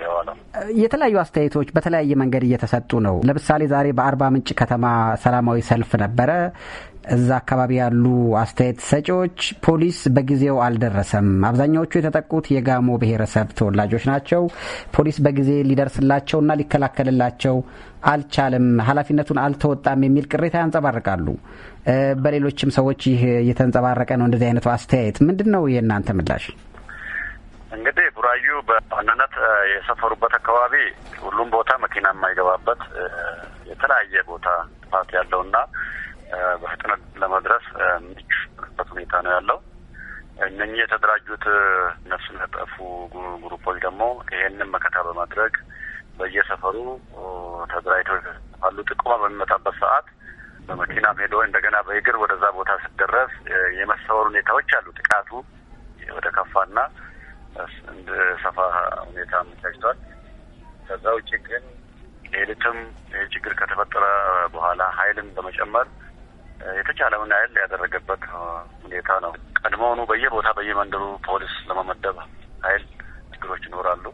የዋለው። የተለያዩ አስተያየቶች በተለያየ መንገድ እየተሰጡ ነው። ለምሳሌ ዛሬ በአርባ ምንጭ ከተማ ሰላማዊ ሰልፍ ነበረ። እዛ አካባቢ ያሉ አስተያየት ሰጪዎች ፖሊስ በጊዜው አልደረሰም፣ አብዛኛዎቹ የተጠቁት የጋሞ ብሔረሰብ ተወላጆች ናቸው፣ ፖሊስ በጊዜ ሊደርስላቸውና ሊከላከልላቸው አልቻለም፣ ኃላፊነቱን አልተወጣም የሚል ቅሬታ ያንጸባርቃሉ። በሌሎችም ሰዎች ይህ እየተንጸባረቀ ነው። እንደዚህ አይነቱ አስተያየት ምንድን ነው የእናንተ ምላሽ? እንግዲህ ቡራዩ በዋናነት የሰፈሩበት አካባቢ ሁሉም ቦታ መኪና የማይገባበት የተለያየ ቦታ ጥፋት ያለውና በፍጥነት ለመድረስ ምቹበት ሁኔታ ነው ያለው። እነኚህ የተደራጁት ነፍስ ነጠፉ ግሩፖች ደግሞ ይሄንን መከታ በማድረግ በየሰፈሩ ተደራጅቶ አሉ። ጥቆማ በሚመጣበት ሰዓት በመኪናም ሄዶ እንደገና በእግር ወደዛ ቦታ ስደረስ የመሰወር ሁኔታዎች አሉ። ጥቃቱ ወደ ከፋና ሰፋ ሁኔታ አመቻችቷል። ከዛ ውጭ ግን ሌሊትም ይህ ችግር ከተፈጠረ በኋላ ኃይልን በመጨመር የተቻለውን ያህል ያደረገበት ሁኔታ ነው። ቀድሞውኑ በየቦታ በየመንደሩ ፖሊስ ለመመደብ ኃይል ችግሮች ይኖራሉ።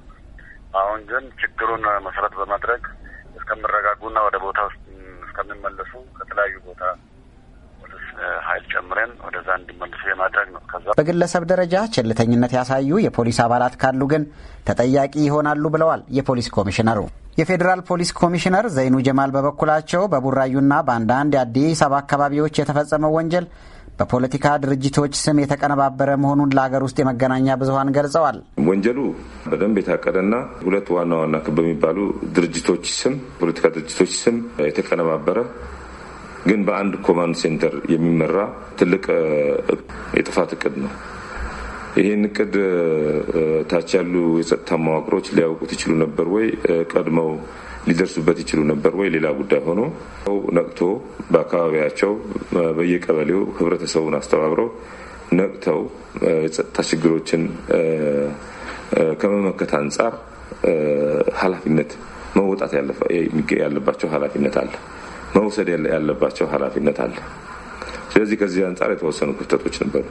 አሁን ግን ችግሩን መሰረት በማድረግ እስከሚረጋጉና ወደ ቦታ ውስጥ እስከሚመለሱ ከተለያዩ ቦታ ኃይል ጨምረን ወደዛ እንዲመልሱ የማድረግ ነው። ከዛ በግለሰብ ደረጃ ቸልተኝነት ያሳዩ የፖሊስ አባላት ካሉ ግን ተጠያቂ ይሆናሉ ብለዋል የፖሊስ ኮሚሽነሩ። የፌዴራል ፖሊስ ኮሚሽነር ዘይኑ ጀማል በበኩላቸው በቡራዩና በአንዳንድ የአዲስ አበባ አካባቢዎች የተፈጸመው ወንጀል በፖለቲካ ድርጅቶች ስም የተቀነባበረ መሆኑን ለሀገር ውስጥ የመገናኛ ብዙኃን ገልጸዋል። ወንጀሉ በደንብ የታቀደና ሁለት ዋና ዋና በሚባሉ ድርጅቶች ስም ፖለቲካ ድርጅቶች ስም የተቀነባበረ ግን በአንድ ኮማንድ ሴንተር የሚመራ ትልቅ የጥፋት እቅድ ነው። ይህን እቅድ ታች ያሉ የጸጥታ መዋቅሮች ሊያውቁት ይችሉ ነበር ወይ? ቀድመው ሊደርሱበት ይችሉ ነበር ወይ ሌላ ጉዳይ ሆኖ ነቅቶ በአካባቢያቸው በየቀበሌው ህብረተሰቡን አስተባብረው ነቅተው የጸጥታ ችግሮችን ከመመከት አንጻር ኃላፊነት መወጣት ያለባቸው ኃላፊነት አለ፣ መውሰድ ያለባቸው ኃላፊነት አለ። ስለዚህ ከዚህ አንጻር የተወሰኑ ክፍተቶች ነበሩ።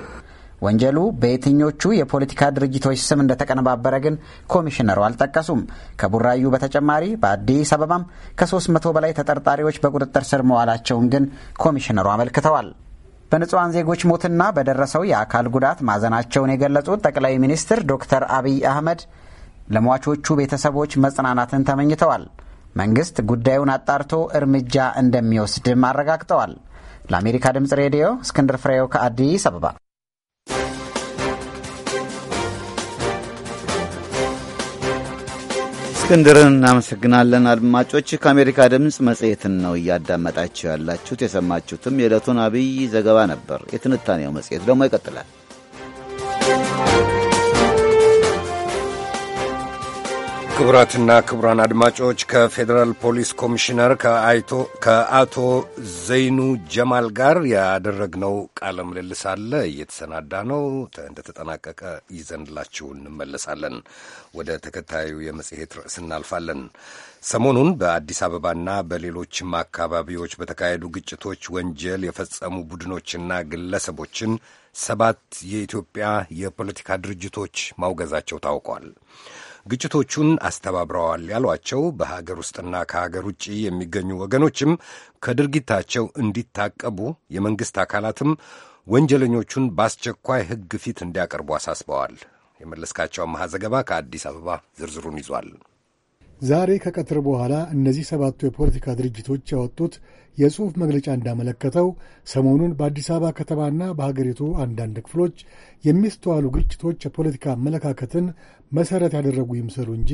ወንጀሉ በየትኞቹ የፖለቲካ ድርጅቶች ስም እንደተቀነባበረ ግን ኮሚሽነሩ አልጠቀሱም። ከቡራዩ በተጨማሪ በአዲስ አበባም ከ300 በላይ ተጠርጣሪዎች በቁጥጥር ስር መዋላቸውን ግን ኮሚሽነሩ አመልክተዋል። በንጹሐን ዜጎች ሞትና በደረሰው የአካል ጉዳት ማዘናቸውን የገለጹት ጠቅላይ ሚኒስትር ዶክተር አብይ አህመድ ለሟቾቹ ቤተሰቦች መጽናናትን ተመኝተዋል። መንግስት ጉዳዩን አጣርቶ እርምጃ እንደሚወስድም አረጋግጠዋል። ለአሜሪካ ድምፅ ሬዲዮ እስክንድር ፍሬው ከአዲስ አበባ እስክንድርን እናመሰግናለን። አድማጮች ከአሜሪካ ድምፅ መጽሔትን ነው እያዳመጣችሁ ያላችሁት። የሰማችሁትም የዕለቱን አብይ ዘገባ ነበር። የትንታኔው መጽሔት ደግሞ ይቀጥላል። ክቡራትና ክቡራን አድማጮች ከፌዴራል ፖሊስ ኮሚሽነር ከአቶ ዘይኑ ጀማል ጋር ያደረግነው ቃለ ምልልስ አለ፣ እየተሰናዳ ነው። እንደተጠናቀቀ ይዘንላችሁ እንመለሳለን። ወደ ተከታዩ የመጽሔት ርዕስ እናልፋለን። ሰሞኑን በአዲስ አበባና በሌሎችም አካባቢዎች በተካሄዱ ግጭቶች ወንጀል የፈጸሙ ቡድኖችና ግለሰቦችን ሰባት የኢትዮጵያ የፖለቲካ ድርጅቶች ማውገዛቸው ታውቋል። ግጭቶቹን አስተባብረዋል ያሏቸው በሀገር ውስጥና ከሀገር ውጭ የሚገኙ ወገኖችም ከድርጊታቸው እንዲታቀቡ የመንግሥት አካላትም ወንጀለኞቹን በአስቸኳይ ሕግ ፊት እንዲያቀርቡ አሳስበዋል። የመለስካቸው አመሃ ዘገባ ከአዲስ አበባ ዝርዝሩን ይዟል። ዛሬ ከቀትር በኋላ እነዚህ ሰባቱ የፖለቲካ ድርጅቶች ያወጡት የጽሑፍ መግለጫ እንዳመለከተው ሰሞኑን በአዲስ አበባ ከተማና በሀገሪቱ አንዳንድ ክፍሎች የሚስተዋሉ ግጭቶች የፖለቲካ አመለካከትን መሠረት ያደረጉ ይምሰሉ እንጂ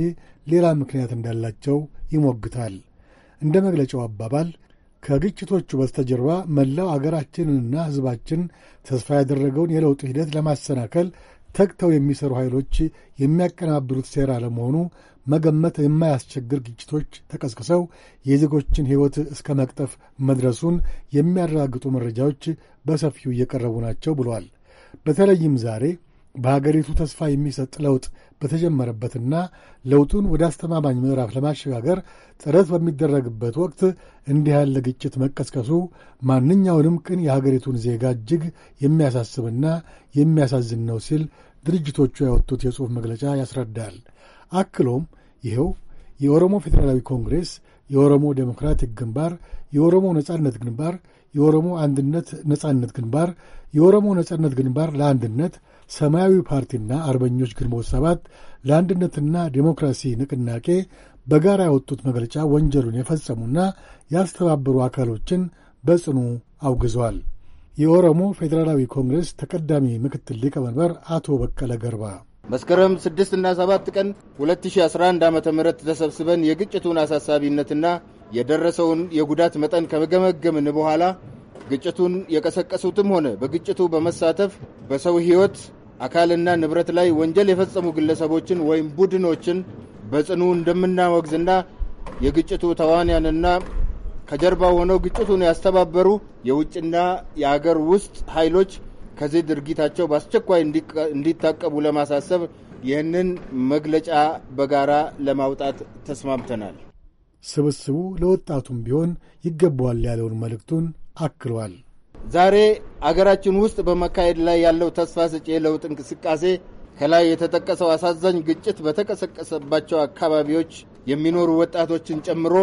ሌላ ምክንያት እንዳላቸው ይሞግታል። እንደ መግለጫው አባባል ከግጭቶቹ በስተጀርባ መላው አገራችንንና ሕዝባችን ተስፋ ያደረገውን የለውጥ ሂደት ለማሰናከል ተግተው የሚሰሩ ኃይሎች የሚያቀናብሩት ሴራ ለመሆኑ መገመት የማያስቸግር ግጭቶች ተቀስቅሰው የዜጎችን ሕይወት እስከ መቅጠፍ መድረሱን የሚያረጋግጡ መረጃዎች በሰፊው እየቀረቡ ናቸው ብሏል። በተለይም ዛሬ በሀገሪቱ ተስፋ የሚሰጥ ለውጥ በተጀመረበትና ለውጡን ወደ አስተማማኝ ምዕራፍ ለማሸጋገር ጥረት በሚደረግበት ወቅት እንዲህ ያለ ግጭት መቀስቀሱ ማንኛውንም ቅን የሀገሪቱን ዜጋ እጅግ የሚያሳስብና የሚያሳዝን ነው ሲል ድርጅቶቹ ያወጡት የጽሑፍ መግለጫ ያስረዳል። አክሎም ይኸው የኦሮሞ ፌዴራላዊ ኮንግሬስ፣ የኦሮሞ ዴሞክራቲክ ግንባር፣ የኦሮሞ ነጻነት ግንባር፣ የኦሮሞ አንድነት ነጻነት ግንባር፣ የኦሮሞ ነጻነት ግንባር ለአንድነት፣ ሰማያዊ ፓርቲና አርበኞች ግንቦት ሰባት ለአንድነትና ዴሞክራሲ ንቅናቄ በጋራ ያወጡት መግለጫ ወንጀሉን የፈጸሙና ያስተባበሩ አካሎችን በጽኑ አውግዟል። የኦሮሞ ፌዴራላዊ ኮንግሬስ ተቀዳሚ ምክትል ሊቀመንበር አቶ በቀለ ገርባ መስከረም 6 እና 7 ቀን 2011 ዓ ም ተሰብስበን የግጭቱን አሳሳቢነትና የደረሰውን የጉዳት መጠን ከመገመገምን በኋላ ግጭቱን የቀሰቀሱትም ሆነ በግጭቱ በመሳተፍ በሰው ሕይወት አካልና ንብረት ላይ ወንጀል የፈጸሙ ግለሰቦችን ወይም ቡድኖችን በጽኑ እንደምናወግዝና የግጭቱ ተዋንያንና ከጀርባ ሆነው ግጭቱን ያስተባበሩ የውጭና የአገር ውስጥ ኃይሎች ከዚህ ድርጊታቸው በአስቸኳይ እንዲታቀቡ ለማሳሰብ ይህንን መግለጫ በጋራ ለማውጣት ተስማምተናል። ስብስቡ ለወጣቱም ቢሆን ይገባዋል ያለውን መልእክቱን አክሏል። ዛሬ አገራችን ውስጥ በመካሄድ ላይ ያለው ተስፋ ሰጪ የለውጥ እንቅስቃሴ ከላይ የተጠቀሰው አሳዛኝ ግጭት በተቀሰቀሰባቸው አካባቢዎች የሚኖሩ ወጣቶችን ጨምሮ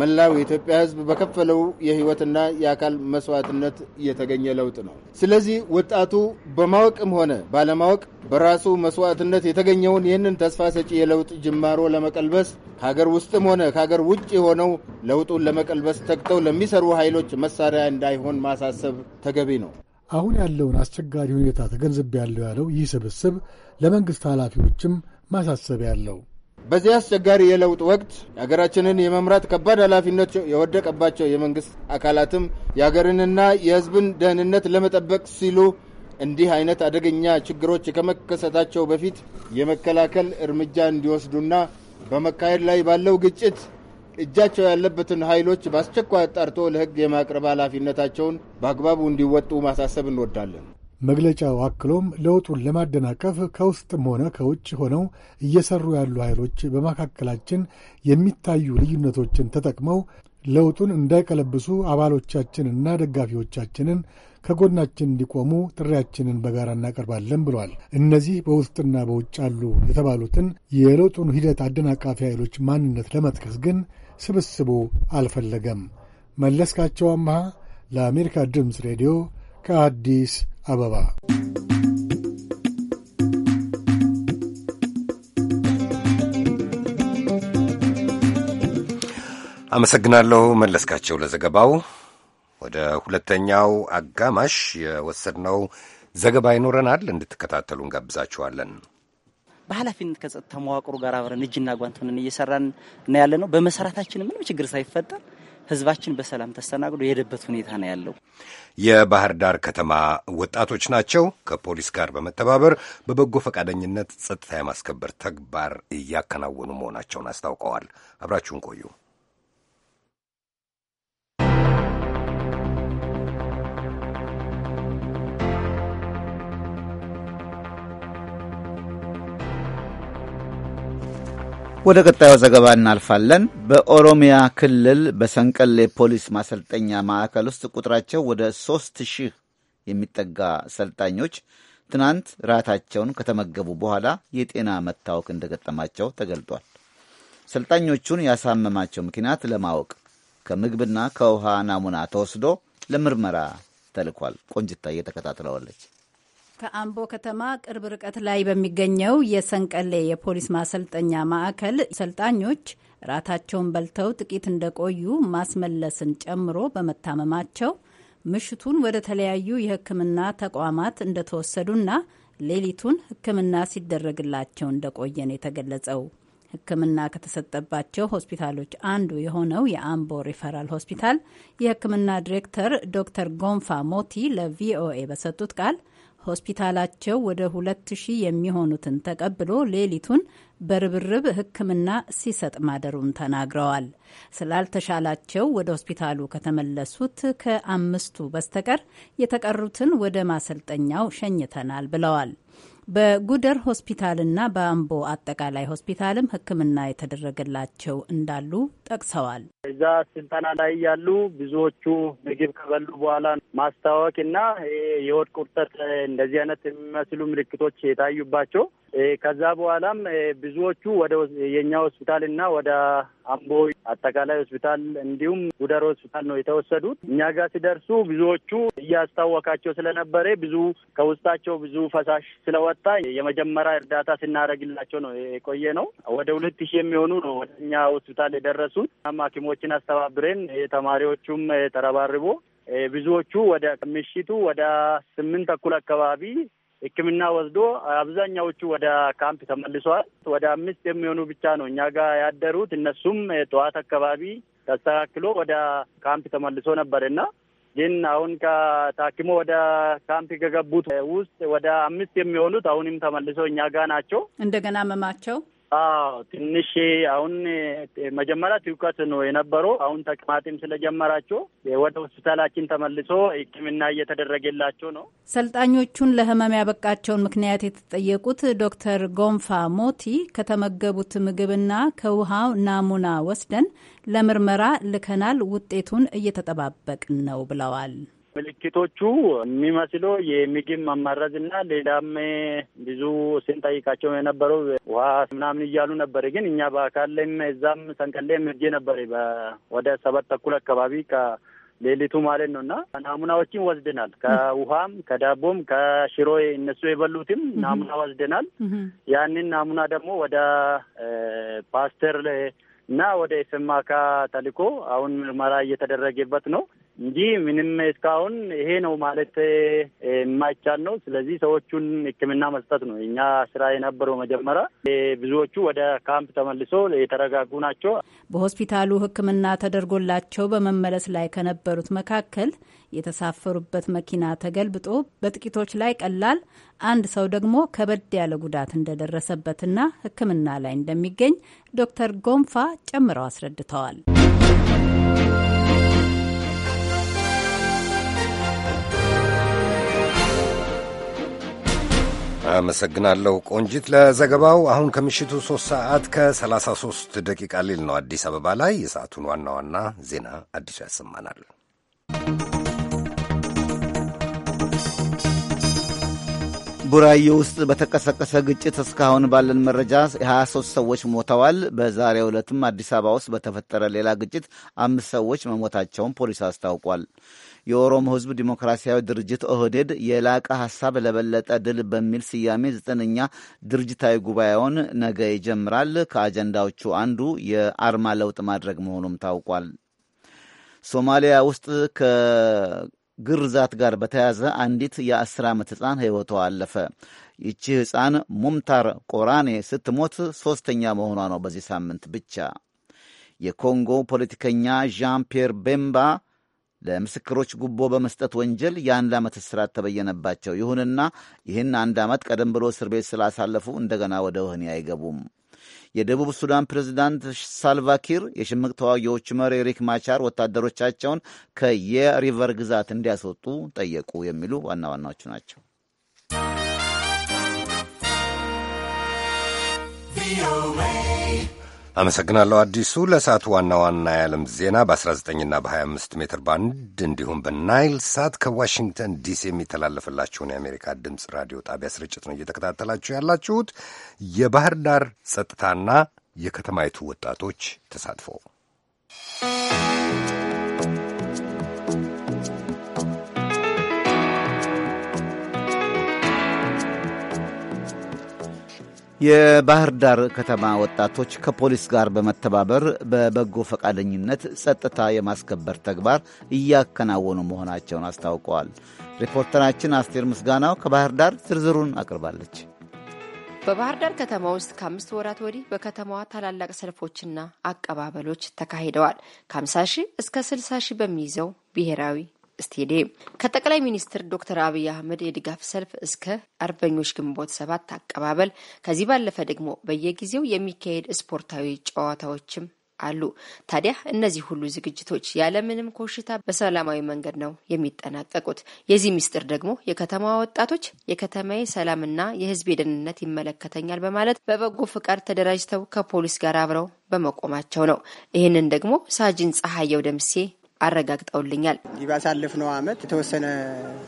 መላው የኢትዮጵያ ሕዝብ በከፈለው የሕይወትና የአካል መስዋዕትነት የተገኘ ለውጥ ነው። ስለዚህ ወጣቱ በማወቅም ሆነ ባለማወቅ በራሱ መስዋዕትነት የተገኘውን ይህንን ተስፋ ሰጪ የለውጥ ጅማሮ ለመቀልበስ ከሀገር ውስጥም ሆነ ከሀገር ውጭ የሆነው ለውጡን ለመቀልበስ ተግተው ለሚሰሩ ኃይሎች መሳሪያ እንዳይሆን ማሳሰብ ተገቢ ነው። አሁን ያለውን አስቸጋሪ ሁኔታ ተገንዝብ ያለው ይህ ስብስብ ለመንግሥት ኃላፊዎችም ማሳሰቢያ ያለው በዚህ አስቸጋሪ የለውጥ ወቅት የሀገራችንን የመምራት ከባድ ኃላፊነት የወደቀባቸው የመንግሥት አካላትም የአገርንና የሕዝብን ደህንነት ለመጠበቅ ሲሉ እንዲህ አይነት አደገኛ ችግሮች ከመከሰታቸው በፊት የመከላከል እርምጃ እንዲወስዱና በመካሄድ ላይ ባለው ግጭት እጃቸው ያለበትን ኃይሎች በአስቸኳይ አጣርቶ ለሕግ የማቅረብ ኃላፊነታቸውን በአግባቡ እንዲወጡ ማሳሰብ እንወዳለን። መግለጫው አክሎም ለውጡን ለማደናቀፍ ከውስጥም ሆነ ከውጭ ሆነው እየሰሩ ያሉ ኃይሎች በመካከላችን የሚታዩ ልዩነቶችን ተጠቅመው ለውጡን እንዳይቀለብሱ አባሎቻችንና ደጋፊዎቻችንን ከጎናችን እንዲቆሙ ጥሪያችንን በጋራ እናቀርባለን ብሏል። እነዚህ በውስጥና በውጭ አሉ የተባሉትን የለውጡን ሂደት አደናቃፊ ኃይሎች ማንነት ለመጥቀስ ግን ስብስቡ አልፈለገም። መለስካቸው አምሃ ለአሜሪካ ድምፅ ሬዲዮ ከአዲስ አበባ አመሰግናለሁ መለስካቸው ለዘገባው። ወደ ሁለተኛው አጋማሽ የወሰድነው ዘገባ ይኖረናል። እንድትከታተሉ እንጋብዛችኋለን። በኃላፊነት ከጸጥታ መዋቅሩ ጋር አብረን እጅና ጓንት ሆነን እየሰራን እና ያለ ነው። በመሰራታችን ምንም ችግር ሳይፈጠር ህዝባችን በሰላም ተስተናግዶ የሄደበት ሁኔታ ነው ያለው። የባህር ዳር ከተማ ወጣቶች ናቸው ከፖሊስ ጋር በመተባበር በበጎ ፈቃደኝነት ጸጥታ የማስከበር ተግባር እያከናወኑ መሆናቸውን አስታውቀዋል። አብራችሁን ቆዩ። ወደ ቀጣዩ ዘገባ እናልፋለን። በኦሮሚያ ክልል በሰንቀሌ ፖሊስ ማሰልጠኛ ማዕከል ውስጥ ቁጥራቸው ወደ ሶስት ሺህ የሚጠጋ ሰልጣኞች ትናንት ራታቸውን ከተመገቡ በኋላ የጤና መታወክ እንደገጠማቸው ተገልጧል። ሰልጣኞቹን ያሳመማቸው ምክንያት ለማወቅ ከምግብና ከውሃ ናሙና ተወስዶ ለምርመራ ተልኳል። ቆንጅታ እየተከታትለዋለች። ከአምቦ ከተማ ቅርብ ርቀት ላይ በሚገኘው የሰንቀሌ የፖሊስ ማሰልጠኛ ማዕከል ሰልጣኞች ራታቸውን በልተው ጥቂት እንደቆዩ ማስመለስን ጨምሮ በመታመማቸው ምሽቱን ወደ ተለያዩ የሕክምና ተቋማት እንደተወሰዱና ሌሊቱን ሕክምና ሲደረግላቸው እንደቆየን የተገለጸው። ሕክምና ከተሰጠባቸው ሆስፒታሎች አንዱ የሆነው የአምቦ ሪፈራል ሆስፒታል የሕክምና ዲሬክተር ዶክተር ጎንፋ ሞቲ ለቪኦኤ በሰጡት ቃል ሆስፒታላቸው ወደ ሁለት ሺህ የሚሆኑትን ተቀብሎ ሌሊቱን በርብርብ ሕክምና ሲሰጥ ማደሩን ተናግረዋል። ስላልተሻላቸው ወደ ሆስፒታሉ ከተመለሱት ከአምስቱ በስተቀር የተቀሩትን ወደ ማሰልጠኛው ሸኝተናል ብለዋል። በጉደር ሆስፒታልና በአምቦ አጠቃላይ ሆስፒታልም ሕክምና የተደረገላቸው እንዳሉ ጠቅሰዋል። እዛ ስልጠና ላይ ያሉ ብዙዎቹ ምግብ ከበሉ በኋላ ማስታወክ እና የሆድ ቁርጠት እንደዚህ አይነት የሚመስሉ ምልክቶች የታዩባቸው ከዛ በኋላም ብዙዎቹ ወደ የኛ ሆስፒታል እና ወደ አምቦ አጠቃላይ ሆስፒታል እንዲሁም ጉደር ሆስፒታል ነው የተወሰዱት። እኛ ጋር ሲደርሱ ብዙዎቹ እያስታወካቸው ስለነበረ ብዙ ከውስጣቸው ብዙ ፈሳሽ ስለወጣ የመጀመሪያ እርዳታ ስናደርግላቸው ነው የቆየ ነው። ወደ ሁለት ሺህ የሚሆኑ ነው ወደ እኛ ሆስፒታል የደረሱ እሱን ሐኪሞችን አስተባብረን ተማሪዎቹም ተረባርቦ ብዙዎቹ ወደ ምሽቱ ወደ ስምንት ተኩል አካባቢ ሕክምና ወስዶ አብዛኛዎቹ ወደ ካምፕ ተመልሰዋል ወደ አምስት የሚሆኑ ብቻ ነው እኛ ጋር ያደሩት። እነሱም ጠዋት አካባቢ ተስተካክሎ ወደ ካምፕ ተመልሶ ነበር ግን አሁን ከታክሞ ወደ ካምፕ ከገቡት ውስጥ ወደ አምስት የሚሆኑት አሁንም ተመልሶ እኛ ጋር ናቸው። እንደገና መማቸው አዎ ትንሽ አሁን መጀመሪያ ትውከት ነው የነበረው። አሁን ተቅማጥም ስለጀመራቸው ወደ ሆስፒታላችን ተመልሶ ሕክምና እየተደረገላቸው ነው። ሰልጣኞቹን ለህመም ያበቃቸውን ምክንያት የተጠየቁት ዶክተር ጎንፋ ሞቲ ከተመገቡት ምግብና ከውሃው ናሙና ወስደን ለምርመራ ልከናል፣ ውጤቱን እየተጠባበቅን ነው ብለዋል። ምልክቶቹ የሚመስሎ የምግብ መመረዝ እና ሌላም ብዙ ስንጠይቃቸው የነበረው ውሃ ምናምን እያሉ ነበር። ግን እኛ በአካልም እዛም ሰንቀሌ ምርጄ ነበር ወደ ሰባት ተኩል አካባቢ ሌሊቱ ማለት ነው እና ናሙናዎችን ወስደናል። ከውሃም ከዳቦም ከሽሮ እነሱ የበሉትም ናሙና ወስደናል። ያንን ናሙና ደግሞ ወደ ፓስተር እና ወደ ኤፍማካ ተልኮ አሁን ምርመራ እየተደረገበት ነው። እንጂ ምንም እስካሁን ይሄ ነው ማለት የማይቻል ነው። ስለዚህ ሰዎቹን ሕክምና መስጠት ነው እኛ ስራ የነበረው መጀመሪያ። ብዙዎቹ ወደ ካምፕ ተመልሶ የተረጋጉ ናቸው። በሆስፒታሉ ሕክምና ተደርጎላቸው በመመለስ ላይ ከነበሩት መካከል የተሳፈሩበት መኪና ተገልብጦ በጥቂቶች ላይ ቀላል፣ አንድ ሰው ደግሞ ከበድ ያለ ጉዳት እንደደረሰበትና ሕክምና ላይ እንደሚገኝ ዶክተር ጎንፋ ጨምረው አስረድተዋል። አመሰግናለሁ ቆንጂት ለዘገባው። አሁን ከምሽቱ 3 ሰዓት ከ33 ደቂቃ ሌል ነው። አዲስ አበባ ላይ የሰዓቱን ዋና ዋና ዜና አዲሱ ያሰማናል። ቡራዩ ውስጥ በተቀሰቀሰ ግጭት እስካሁን ባለን መረጃ የ23 ሰዎች ሞተዋል። በዛሬ ዕለትም አዲስ አበባ ውስጥ በተፈጠረ ሌላ ግጭት አምስት ሰዎች መሞታቸውን ፖሊስ አስታውቋል። የኦሮሞ ህዝብ ዲሞክራሲያዊ ድርጅት ኦህዴድ የላቀ ሀሳብ ለበለጠ ድል በሚል ስያሜ ዘጠነኛ ድርጅታዊ ጉባኤውን ነገ ይጀምራል። ከአጀንዳዎቹ አንዱ የአርማ ለውጥ ማድረግ መሆኑም ታውቋል። ሶማሊያ ውስጥ ከግርዛት ጋር በተያያዘ አንዲት የአስር ዓመት ሕፃን ሕይወቷ አለፈ። ይቺ ሕፃን ሙምታር ቆራኔ ስትሞት ሦስተኛ መሆኗ ነው በዚህ ሳምንት ብቻ። የኮንጎ ፖለቲከኛ ዣን ፒየር ቤምባ ለምስክሮች ጉቦ በመስጠት ወንጀል የአንድ ዓመት እስራት ተበየነባቸው። ይሁንና ይህን አንድ ዓመት ቀደም ብሎ እስር ቤት ስላሳለፉ እንደገና ወደ ወህኒ አይገቡም። የደቡብ ሱዳን ፕሬዝዳንት ሳልቫኪር የሽምቅ ተዋጊዎቹ መሪ ሪክ ማቻር ወታደሮቻቸውን ከየሪቨር ግዛት እንዲያስወጡ ጠየቁ። የሚሉ ዋና ዋናዎቹ ናቸው። ቪኦኤ አመሰግናለሁ አዲሱ። ለሰዓቱ ዋና ዋና የዓለም ዜና በ19ና በ25 ሜትር ባንድ እንዲሁም በናይል ሳት ከዋሽንግተን ዲሲ የሚተላለፍላችሁን የአሜሪካ ድምፅ ራዲዮ ጣቢያ ስርጭት ነው እየተከታተላችሁ ያላችሁት። የባህር ዳር ጸጥታና የከተማይቱ ወጣቶች ተሳትፎ የባህር ዳር ከተማ ወጣቶች ከፖሊስ ጋር በመተባበር በበጎ ፈቃደኝነት ጸጥታ የማስከበር ተግባር እያከናወኑ መሆናቸውን አስታውቀዋል። ሪፖርተራችን አስቴር ምስጋናው ከባህር ዳር ዝርዝሩን አቅርባለች። በባህር ዳር ከተማ ውስጥ ከአምስት ወራት ወዲህ በከተማዋ ታላላቅ ሰልፎችና አቀባበሎች ተካሂደዋል። ከ50 ሺህ እስከ 60 ሺህ በሚይዘው ብሔራዊ ስቴዴ ከጠቅላይ ሚኒስትር ዶክተር አብይ አህመድ የድጋፍ ሰልፍ እስከ አርበኞች ግንቦት ሰባት አቀባበል ከዚህ ባለፈ ደግሞ በየጊዜው የሚካሄድ ስፖርታዊ ጨዋታዎችም አሉ። ታዲያ እነዚህ ሁሉ ዝግጅቶች ያለምንም ኮሽታ በሰላማዊ መንገድ ነው የሚጠናቀቁት። የዚህ ምስጢር ደግሞ የከተማዋ ወጣቶች የከተማዬ ሰላምና የሕዝብ ደህንነት ይመለከተኛል በማለት በበጎ ፍቃድ ተደራጅተው ከፖሊስ ጋር አብረው በመቆማቸው ነው። ይህንን ደግሞ ሳጅን ፀሐየው ደምሴ አረጋግጠውልኛል። ይህ ባሳለፍነው ዓመት የተወሰነ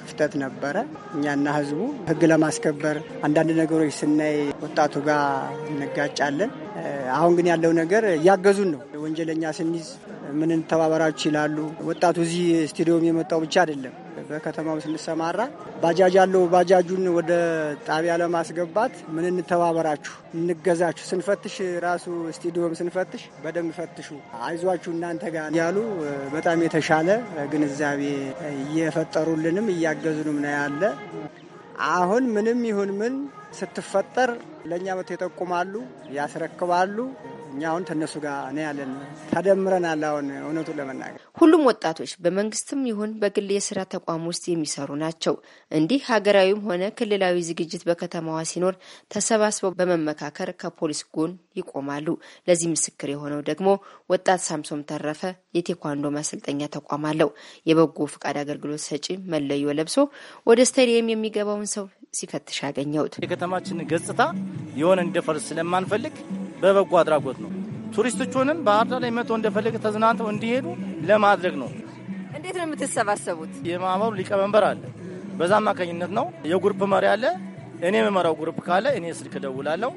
ክፍተት ነበረ። እኛና ህዝቡ ህግ ለማስከበር አንዳንድ ነገሮች ስናይ ወጣቱ ጋር እንጋጫለን። አሁን ግን ያለው ነገር እያገዙን ነው። ወንጀለኛ ስንይዝ ምን ተባበራችሁ ይላሉ። ወጣቱ እዚህ ስቱዲዮም የመጣው ብቻ አይደለም በከተማው ስንሰማራ ባጃጅ አለው። ባጃጁን ወደ ጣቢያ ለማስገባት ምን እንተባበራችሁ፣ እንገዛችሁ። ስንፈትሽ ራሱ ስቱዲዮም ስንፈትሽ በደንብ ፈትሹ፣ አይዟችሁ እናንተ ጋር እያሉ በጣም የተሻለ ግንዛቤ እየፈጠሩልንም እያገዙንም ነው ያለ። አሁን ምንም ይሁን ምን ስትፈጠር ለእኛ መጥተው ይጠቁማሉ፣ ያስረክባሉ። እኛ አሁን ከነሱ ጋር ነው ያለን። ተደምረናል። አሁን እውነቱን ለመናገር ሁሉም ወጣቶች በመንግስትም ይሁን በግል የስራ ተቋም ውስጥ የሚሰሩ ናቸው። እንዲህ ሀገራዊም ሆነ ክልላዊ ዝግጅት በከተማዋ ሲኖር ተሰባስበው በመመካከር ከፖሊስ ጎን ይቆማሉ። ለዚህ ምስክር የሆነው ደግሞ ወጣት ሳምሶም ተረፈ የቴኳንዶ ማሰልጠኛ ተቋም አለው። የበጎ ፈቃድ አገልግሎት ሰጪ መለዮ ለብሶ ወደ ስታዲየም የሚገባውን ሰው ሲፈትሽ ያገኘውት የከተማችን ገጽታ የሆነ እንደፈርስ ስለማንፈልግ በበጎ አድራጎት ነው። ቱሪስቶቹንም ባህር ዳር ላይ መጥተው እንደፈለገ ተዝናንተው እንዲሄዱ ለማድረግ ነው። እንዴት ነው የምትሰባሰቡት? የማህበሩ ሊቀመንበር አለ። በዛ አማካኝነት ነው። የጉርፕ መሪ አለ። እኔ የምመራው ግሩፕ ካለ እኔ ስልክ ደውላለሁ።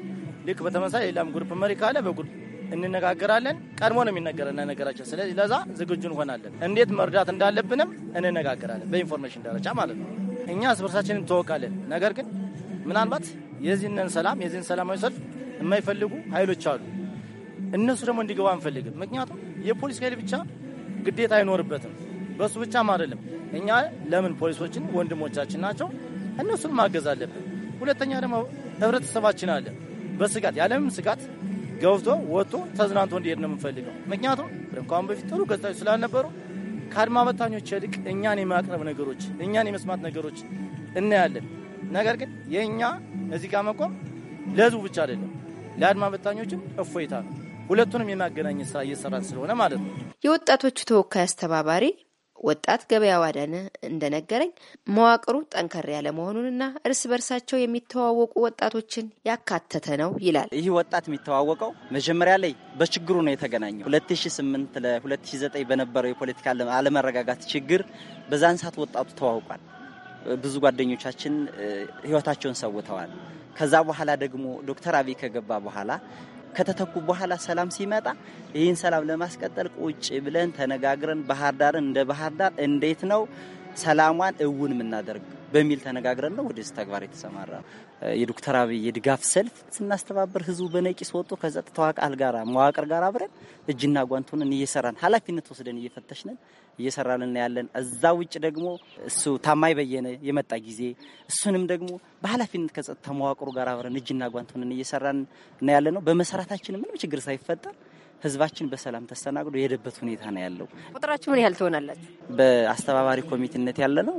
ልክ በተመሳሳይ ሌላም ግሩፕ መሪ ካለ በጉርፕ እንነጋገራለን። ቀድሞ ነው የሚነገረን ነገራችን። ስለዚህ ለዛ ዝግጁ እንሆናለን። እንዴት መርዳት እንዳለብንም እንነጋገራለን። በኢንፎርሜሽን ደረጃ ማለት ነው። እኛ ስብርሳችን እንተወቃለን። ነገር ግን ምናልባት የዚህንን ሰላም የዚህን ሰላማዊ ሰልፍ የማይፈልጉ ኃይሎች አሉ። እነሱ ደግሞ እንዲገባ አንፈልግም። ምክንያቱም የፖሊስ ኃይል ብቻ ግዴታ አይኖርበትም። በእሱ ብቻም አይደለም። እኛ ለምን ፖሊሶችን ወንድሞቻችን ናቸው፣ እነሱን ማገዝ አለብን። ሁለተኛ ደግሞ ህብረተሰባችን አለ በስጋት ያለምንም ስጋት ገብቶ ወጥቶ ተዝናንቶ እንዲሄድ ነው የምንፈልገው። ምክንያቱም እንኳን በፊት ጥሩ ገጽታዎች ስላልነበሩ ከአድማ በታኞች ይልቅ እኛን የማቅረብ ነገሮች፣ እኛን የመስማት ነገሮች እናያለን። ነገር ግን የእኛ እዚህ ጋር መቆም ለህዝቡ ብቻ አይደለም ለአድማ በታኞችም እፎይታ ነው። ሁለቱንም የማገናኘት ስራ እየሰራን ስለሆነ ማለት ነው። የወጣቶቹ ተወካይ አስተባባሪ ወጣት ገበያ ዋዳን እንደነገረኝ መዋቅሩ ጠንከር ያለ መሆኑንና እርስ በርሳቸው የሚተዋወቁ ወጣቶችን ያካተተ ነው ይላል። ይህ ወጣት የሚተዋወቀው መጀመሪያ ላይ በችግሩ ነው የተገናኘው። 2008 ለ2009 በነበረው የፖለቲካ አለመረጋጋት ችግር በዛን ሰዓት ወጣቱ ተዋውቋል። ብዙ ጓደኞቻችን ህይወታቸውን ሰውተዋል። ከዛ በኋላ ደግሞ ዶክተር አብይ ከገባ በኋላ ከተተኩ በኋላ ሰላም ሲመጣ ይህን ሰላም ለማስቀጠል ቁጭ ብለን ተነጋግረን ባህር ዳርን እንደ ባህር ዳር እንዴት ነው ሰላሟን እውን የምናደርግ በሚል ተነጋግረን ነው ወደዚህ ተግባር የተሰማራ። የዶክተር አብይ የድጋፍ ሰልፍ ስናስተባበር ህዝቡ በነቂስ ወጥቶ ከጸጥታው አካል ጋር መዋቅር ጋር አብረን እጅና ጓንት እየሰራን ኃላፊነት ወስደን እየፈተሽነን እየሰራልን ያለን። እዛ ውጭ ደግሞ እሱ ታማኝ በየነ የመጣ ጊዜ እሱንም ደግሞ በኃላፊነት ከጸጥታ መዋቅሩ ጋር አብረን እጅና ጓንት ሆነን እየሰራን ያለ ነው። በመሰራታችን ምንም ችግር ሳይፈጠር ህዝባችን በሰላም ተስተናግዶ የሄደበት ሁኔታ ነው ያለው። ቁጥራችሁ ምን ያህል ትሆናላችሁ? በአስተባባሪ ኮሚቴነት ያለ ነው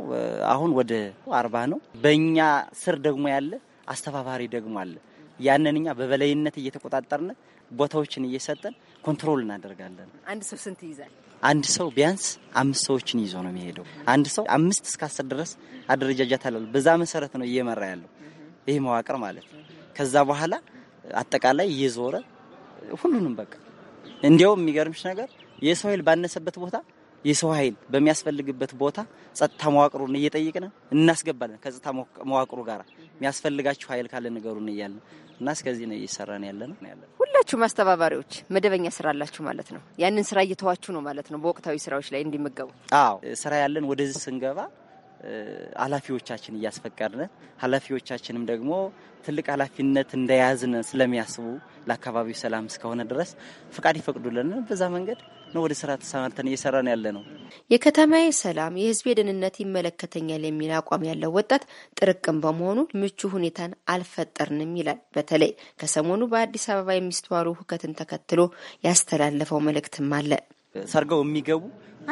አሁን ወደ አርባ ነው። በእኛ ስር ደግሞ ያለ አስተባባሪ ደግሞ አለ። ያንን እኛ በበላይነት እየተቆጣጠርን ቦታዎችን እየሰጠን ኮንትሮል እናደርጋለን። አንድ ሰው ስንት ይይዛል? አንድ ሰው ቢያንስ አምስት ሰዎችን ይዞ ነው የሚሄደው። አንድ ሰው አምስት እስከ አስር ድረስ አደረጃጃት አለው። በዛ መሰረት ነው እየመራ ያለው ይህ መዋቅር ማለት ነው። ከዛ በኋላ አጠቃላይ እየዞረ ሁሉንም በቃ እንዲያውም የሚገርምሽ ነገር የሰው ኃይል ባነሰበት ቦታ የሰው ኃይል በሚያስፈልግበት ቦታ ጸጥታ መዋቅሩን እየጠየቅን እናስገባለን። ከጸጥታ መዋቅሩ ጋር የሚያስፈልጋችሁ ኃይል ካለ ነገሩን እያልን እና እስከዚህ ነው ነው ያለ ነው ያለ ሁላችሁም አስተባባሪዎች መደበኛ ስራ አላችሁ ማለት ነው። ያንን ስራ እየተዋችሁ ነው ማለት ነው በወቅታዊ ስራዎች ላይ እንዲመገቡ። አዎ ስራ ያለን ወደዚህ ስንገባ ኃላፊዎቻችን እያስፈቀድን ኃላፊዎቻችንም ደግሞ ትልቅ ኃላፊነት እንደያዝን ስለሚያስቡ ለአካባቢው ሰላም እስከሆነ ድረስ ፍቃድ ይፈቅዱልን በዛ መንገድ ነው ወደ ስራ ተሰማርተን እየሰራን ያለ ነው። የከተማዬ ሰላም የህዝብ ደህንነት ይመለከተኛል የሚል አቋም ያለው ወጣት ጥርቅም በመሆኑ ምቹ ሁኔታን አልፈጠርንም ይላል። በተለይ ከሰሞኑ በአዲስ አበባ የሚስተዋሉ ሁከትን ተከትሎ ያስተላለፈው መልእክትም አለ። ሰርገው የሚገቡ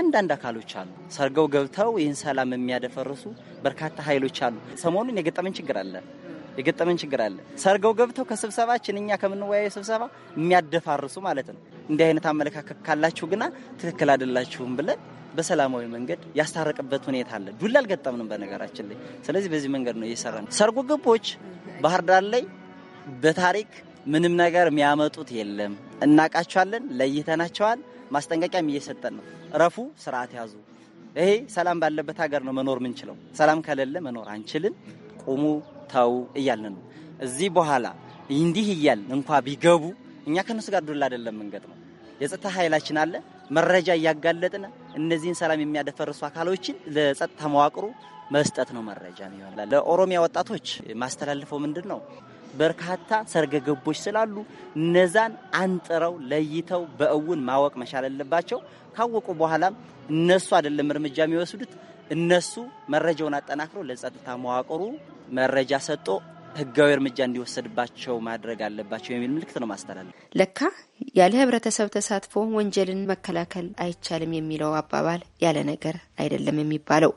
አንዳንድ አካሎች አሉ። ሰርገው ገብተው ይህን ሰላም የሚያደፈርሱ በርካታ ኃይሎች አሉ። ሰሞኑን የገጠመን ችግር አለ። የገጠመን ችግር አለ። ሰርገው ገብተው ከስብሰባችን እኛ ከምንወያየው ስብሰባ የሚያደፋርሱ ማለት ነው። እንዲህ አይነት አመለካከት ካላችሁ ግና ትክክል አይደላችሁም ብለን በሰላማዊ መንገድ ያስታረቅበት ሁኔታ አለ። ዱላ አልገጠምንም በነገራችን ላይ። ስለዚህ በዚህ መንገድ ነው ነው። ሰርጎ ገቦች ባህር ዳር ላይ በታሪክ ምንም ነገር የሚያመጡት የለም። እናቃቸዋለን፣ ለይተናቸዋል። ማስጠንቀቂያም እየሰጠን ነው። እረፉ፣ ስርዓት ያዙ። ይሄ ሰላም ባለበት ሀገር ነው መኖር ምንችለው። ሰላም ከሌለ መኖር አንችልም። ቁሙ ተው እያልን ነው። እዚህ በኋላ እንዲህ እያል እንኳ ቢገቡ እኛ ከነሱ ጋር ዱላ አይደለም መንገጥ ነው። የጸጥታ ኃይላችን አለ መረጃ እያጋለጥን እነዚህን ሰላም የሚያደፈርሱ አካሎችን ለጸጥታ መዋቅሩ መስጠት ነው መረጃ ይሆናል። ለኦሮሚያ ወጣቶች ማስተላልፈው ምንድን ነው? በርካታ ሰርገ ገቦች ስላሉ እነዛን አንጥረው ለይተው በእውን ማወቅ መቻል አለባቸው። ካወቁ በኋላም እነሱ አይደለም እርምጃ የሚወስዱት እነሱ መረጃውን አጠናክረው ለጸጥታ መዋቅሩ መረጃ ሰጥቶ ህጋዊ እርምጃ እንዲወሰድባቸው ማድረግ አለባቸው የሚል ምልክት ነው ማስተላለፍ። ለካ ያለ ህብረተሰብ ተሳትፎ ወንጀልን መከላከል አይቻልም የሚለው አባባል ያለ ነገር አይደለም የሚባለው።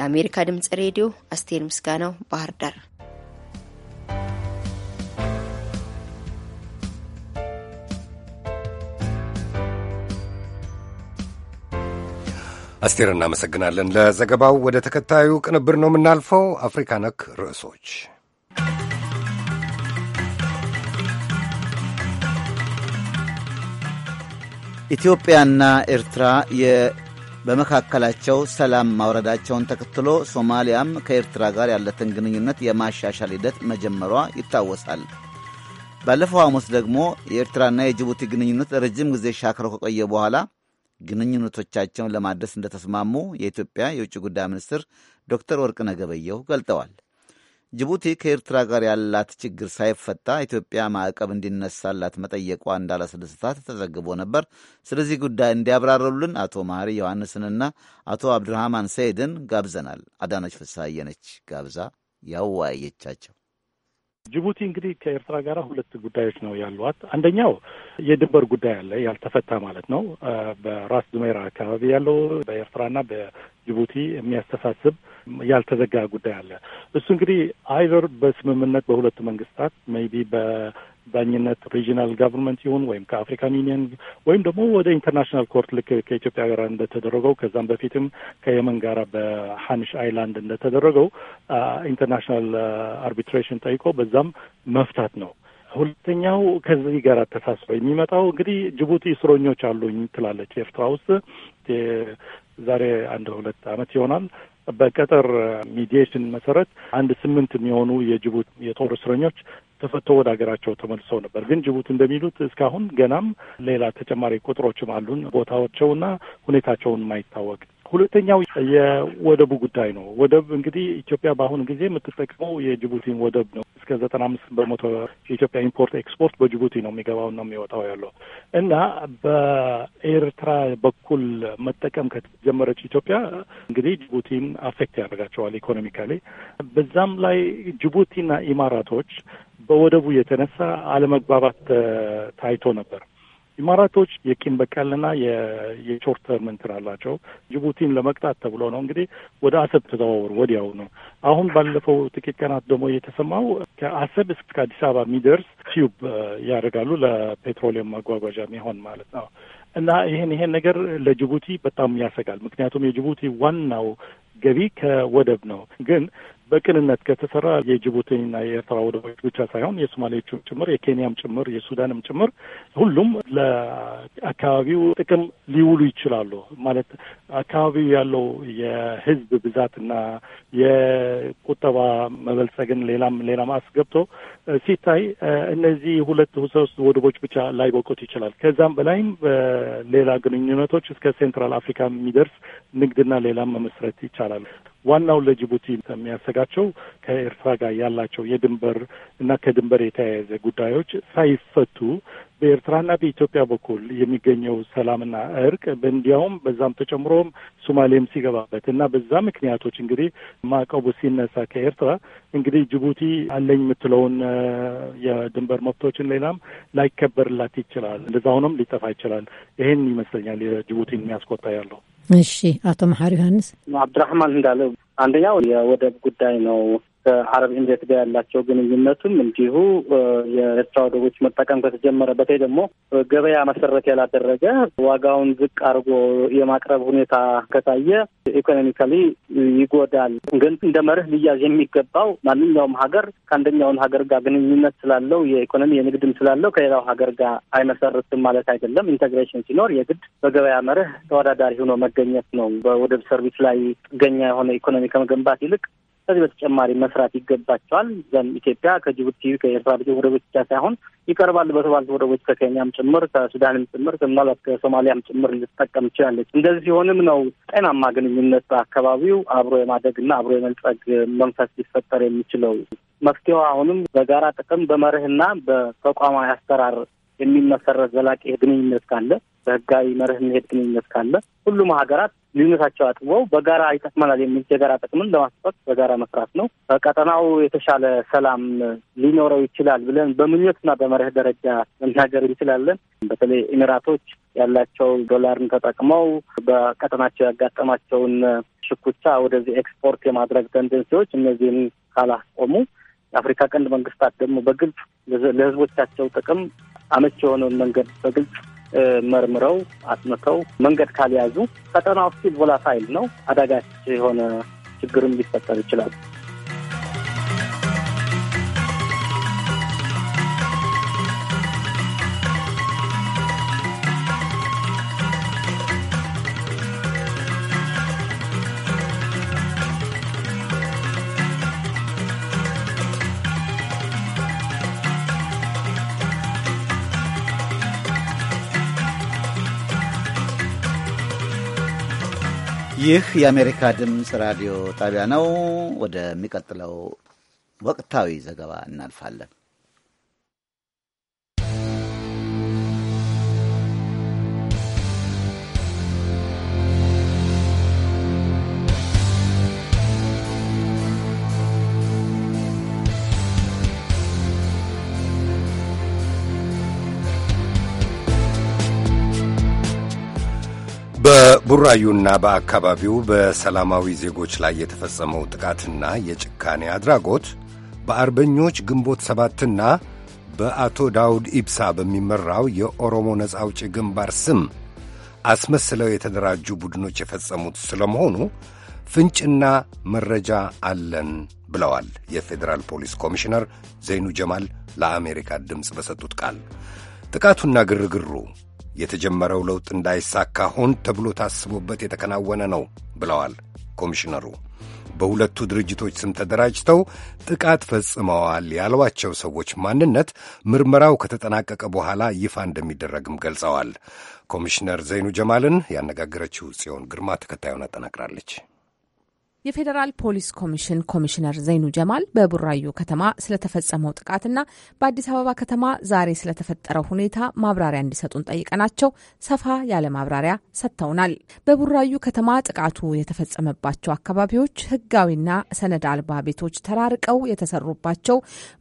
ለአሜሪካ ድምጽ ሬዲዮ አስቴር ምስጋናው ባህር ዳር። አስቴር እናመሰግናለን ለዘገባው። ወደ ተከታዩ ቅንብር ነው የምናልፈው። አፍሪካ ነክ ርዕሶች ኢትዮጵያና ኤርትራ በመካከላቸው ሰላም ማውረዳቸውን ተከትሎ ሶማሊያም ከኤርትራ ጋር ያለትን ግንኙነት የማሻሻል ሂደት መጀመሯ ይታወሳል። ባለፈው ሐሙስ ደግሞ የኤርትራና የጅቡቲ ግንኙነት ረጅም ጊዜ ሻክረው ከቆየ በኋላ ግንኙነቶቻቸውን ለማድረስ እንደተስማሙ የኢትዮጵያ የውጭ ጉዳይ ሚኒስትር ዶክተር ወርቅነህ ገበየሁ ገልጠዋል። ጅቡቲ ከኤርትራ ጋር ያላት ችግር ሳይፈታ ኢትዮጵያ ማዕቀብ እንዲነሳላት መጠየቋ እንዳላስደስታት ተዘግቦ ነበር። ስለዚህ ጉዳይ እንዲያብራሩልን አቶ መሐሪ ዮሐንስንና አቶ አብድርሃማን ሰይድን ጋብዘናል። አዳነች ፍሳየነች ጋብዛ ያወያየቻቸው። ጅቡቲ እንግዲህ ከኤርትራ ጋር ሁለት ጉዳዮች ነው ያሏት። አንደኛው የድንበር ጉዳይ አለ ያልተፈታ ማለት ነው። በራስ ዱሜራ አካባቢ ያለው በኤርትራና በጅቡቲ የሚያስተሳስብ ያልተዘጋ ጉዳይ አለ። እሱ እንግዲህ አይቨር በስምምነት በሁለቱ መንግስታት ሜይ ቢ ዳኝነት ሪጂናል ጋቨርንመንት ይሁን ወይም ከአፍሪካን ዩኒየን ወይም ደግሞ ወደ ኢንተርናሽናል ኮርት ልክ ከኢትዮጵያ ጋር እንደተደረገው ከዛም በፊትም ከየመን ጋር በሀኒሽ አይላንድ እንደተደረገው ኢንተርናሽናል አርቢትሬሽን ጠይቆ በዛም መፍታት ነው። ሁለተኛው ከዚህ ጋር ተሳስሮ የሚመጣው እንግዲህ ጅቡቲ እስረኞች አሉኝ ትላለች ኤርትራ ውስጥ። ዛሬ አንድ ሁለት ዓመት ይሆናል በቀጠር ሚዲሽን መሰረት አንድ ስምንት የሚሆኑ የጅቡቲ የጦር እስረኞች ተፈቶ ወደ ሀገራቸው ተመልሰው ነበር። ግን ጅቡቲ እንደሚሉት እስካሁን ገናም ሌላ ተጨማሪ ቁጥሮችም አሉን ቦታዎቸውና ሁኔታቸውን ማይታወቅ ሁለተኛው የወደቡ ጉዳይ ነው። ወደብ እንግዲህ ኢትዮጵያ በአሁኑ ጊዜ የምትጠቀመው የጅቡቲን ወደብ ነው። እስከ ዘጠና አምስት በመቶ የኢትዮጵያ ኢምፖርት ኤክስፖርት በጅቡቲ ነው የሚገባውና የሚወጣው ያለው እና በኤርትራ በኩል መጠቀም ከተጀመረች ኢትዮጵያ እንግዲህ ጅቡቲን አፌክት ያደርጋቸዋል ኢኮኖሚካሊ። በዛም ላይ ጅቡቲና ኢማራቶች በወደቡ የተነሳ አለመግባባት ታይቶ ነበር። ኢማራቶች የቂም በቀልና የሾርት እንትን አላቸው። ጅቡቲን ለመቅጣት ተብሎ ነው እንግዲህ ወደ አሰብ ተዘዋወሩ ወዲያው ነው። አሁን ባለፈው ጥቂት ቀናት ደግሞ የተሰማው ከአሰብ እስከ አዲስ አበባ የሚደርስ ቲዩብ ያደርጋሉ ለፔትሮሊየም ማጓጓዣ የሚሆን ማለት ነው። እና ይሄን ይሄን ነገር ለጅቡቲ በጣም ያሰጋል። ምክንያቱም የጅቡቲ ዋናው ገቢ ከወደብ ነው። ግን በቅንነት ከተሰራ የጅቡቲና የኤርትራ ወደቦች ብቻ ሳይሆን የሶማሌዎቹም ጭምር የኬንያም ጭምር የሱዳንም ጭምር ሁሉም ለአካባቢው ጥቅም ሊውሉ ይችላሉ። ማለት አካባቢው ያለው የህዝብ ብዛትና የቁጠባ መበልጸግን ሌላም ሌላም አስገብቶ ሲታይ እነዚህ ሁለት ሶስት ወደቦች ብቻ ላይበቁት ይችላል። ከዛም በላይም ሌላ ግንኙነቶች እስከ ሴንትራል አፍሪካ የሚደርስ ንግድና ሌላም መመስረት ይቻላል። ዋናው ለጅቡቲ ከሚያሰጋቸው ከኤርትራ ጋር ያላቸው የድንበር እና ከድንበር የተያያዘ ጉዳዮች ሳይፈቱ በኤርትራና በኢትዮጵያ በኩል የሚገኘው ሰላምና እርቅ እንዲያውም በዛም ተጨምሮም ሶማሌም ሲገባበት እና በዛ ምክንያቶች እንግዲህ ማዕቀቡ ሲነሳ ከኤርትራ እንግዲህ ጅቡቲ አለኝ የምትለውን የድንበር መብቶችን ሌላም ላይከበርላት ይችላል። እንደዛ ሆኖም ሊጠፋ ይችላል። ይሄን ይመስለኛል የጅቡቲን የሚያስቆጣ ያለው እሺ አቶ መሐሪ ዮሐንስ አብዱራህማን እንዳለው አንደኛው የወደብ ጉዳይ ነው። ከአረብ ኤምሬት ጋር ያላቸው ግንኙነቱም እንዲሁ የኤርትራ ወደቦች መጠቀም ከተጀመረ በተለይ ደግሞ ገበያ መሰረት ያላደረገ ዋጋውን ዝቅ አድርጎ የማቅረብ ሁኔታ ከታየ ኢኮኖሚካሊ ይጎዳል። ግን እንደ መርህ ሊያዝ የሚገባው ማንኛውም ሀገር ከአንደኛውን ሀገር ጋር ግንኙነት ስላለው የኢኮኖሚ የንግድም ስላለው ከሌላው ሀገር ጋር አይመሰርትም ማለት አይደለም። ኢንተግሬሽን ሲኖር የግድ በገበያ መርህ ተወዳዳሪ ሆኖ መገኘት ነው። በወደብ ሰርቪስ ላይ ጥገኛ የሆነ ኢኮኖሚ ከመገንባት ይልቅ ከዚህ በተጨማሪ መስራት ይገባቸዋል። ዘን ኢትዮጵያ ከጅቡቲ ከኤርትራ ልጆ ወደቦች ብቻ ሳይሆን ይቀርባሉ በተባሉት ወደቦች ከኬንያም ጭምር ከሱዳንም ጭምር ምናልባት ከሶማሊያም ጭምር ልትጠቀም ትችላለች። እንደዚህ ሲሆንም ነው ጤናማ ግንኙነት በአካባቢው አብሮ የማደግና አብሮ የመልጸግ መንፈስ ሊፈጠር የሚችለው። መፍትሄው አሁንም በጋራ ጥቅም በመርህና በተቋማዊ አሰራር የሚመሰረት ዘላቂ ግንኙነት ካለ በህጋዊ መርህ የሚሄድ ግንኙነት ካለ ሁሉም ሀገራት ልዩነታቸው አጥበው በጋራ ይጠቅመናል የሚል የጋራ ጥቅምን ለማስፈት በጋራ መስራት ነው። በቀጠናው የተሻለ ሰላም ሊኖረው ይችላል ብለን በምኞትና በመርህ ደረጃ መናገር እንችላለን። በተለይ ኤሚራቶች ያላቸው ዶላርን ተጠቅመው በቀጠናቸው ያጋጠማቸውን ሽኩቻ ወደዚህ ኤክስፖርት የማድረግ ተንደንሲዎች እነዚህም ካላስቆሙ የአፍሪካ ቀንድ መንግስታት ደግሞ በግልጽ ለህዝቦቻቸው ጥቅም አመች የሆነውን መንገድ በግልጽ መርምረው አጥምተው መንገድ ካልያዙ ፈጠና ውስጥ ቮላታይል ነው። አዳጋች የሆነ ችግርም ሊፈጠር ይችላል። ይህ የአሜሪካ ድምፅ ራዲዮ ጣቢያ ነው። ወደሚቀጥለው ወቅታዊ ዘገባ እናልፋለን። በቡራዩና በአካባቢው በሰላማዊ ዜጎች ላይ የተፈጸመው ጥቃትና የጭካኔ አድራጎት በአርበኞች ግንቦት ሰባትና በአቶ ዳውድ ኢብሳ በሚመራው የኦሮሞ ነጻ አውጪ ግንባር ስም አስመስለው የተደራጁ ቡድኖች የፈጸሙት ስለመሆኑ ፍንጭና መረጃ አለን ብለዋል የፌዴራል ፖሊስ ኮሚሽነር ዘይኑ ጀማል ለአሜሪካ ድምፅ በሰጡት ቃል። ጥቃቱና ግርግሩ የተጀመረው ለውጥ እንዳይሳካ ሆን ተብሎ ታስቦበት የተከናወነ ነው ብለዋል ኮሚሽነሩ። በሁለቱ ድርጅቶች ስም ተደራጅተው ጥቃት ፈጽመዋል ያሏቸው ሰዎች ማንነት ምርመራው ከተጠናቀቀ በኋላ ይፋ እንደሚደረግም ገልጸዋል። ኮሚሽነር ዘይኑ ጀማልን ያነጋገረችው ጽዮን ግርማ ተከታዩን አጠናቅራለች። የፌዴራል ፖሊስ ኮሚሽን ኮሚሽነር ዘይኑ ጀማል በቡራዩ ከተማ ስለተፈጸመው ጥቃትና በአዲስ አበባ ከተማ ዛሬ ስለተፈጠረው ሁኔታ ማብራሪያ እንዲሰጡን ጠይቀናቸው ሰፋ ያለ ማብራሪያ ሰጥተውናል። በቡራዩ ከተማ ጥቃቱ የተፈጸመባቸው አካባቢዎች ሕጋዊና ሰነድ አልባ ቤቶች ተራርቀው የተሰሩባቸው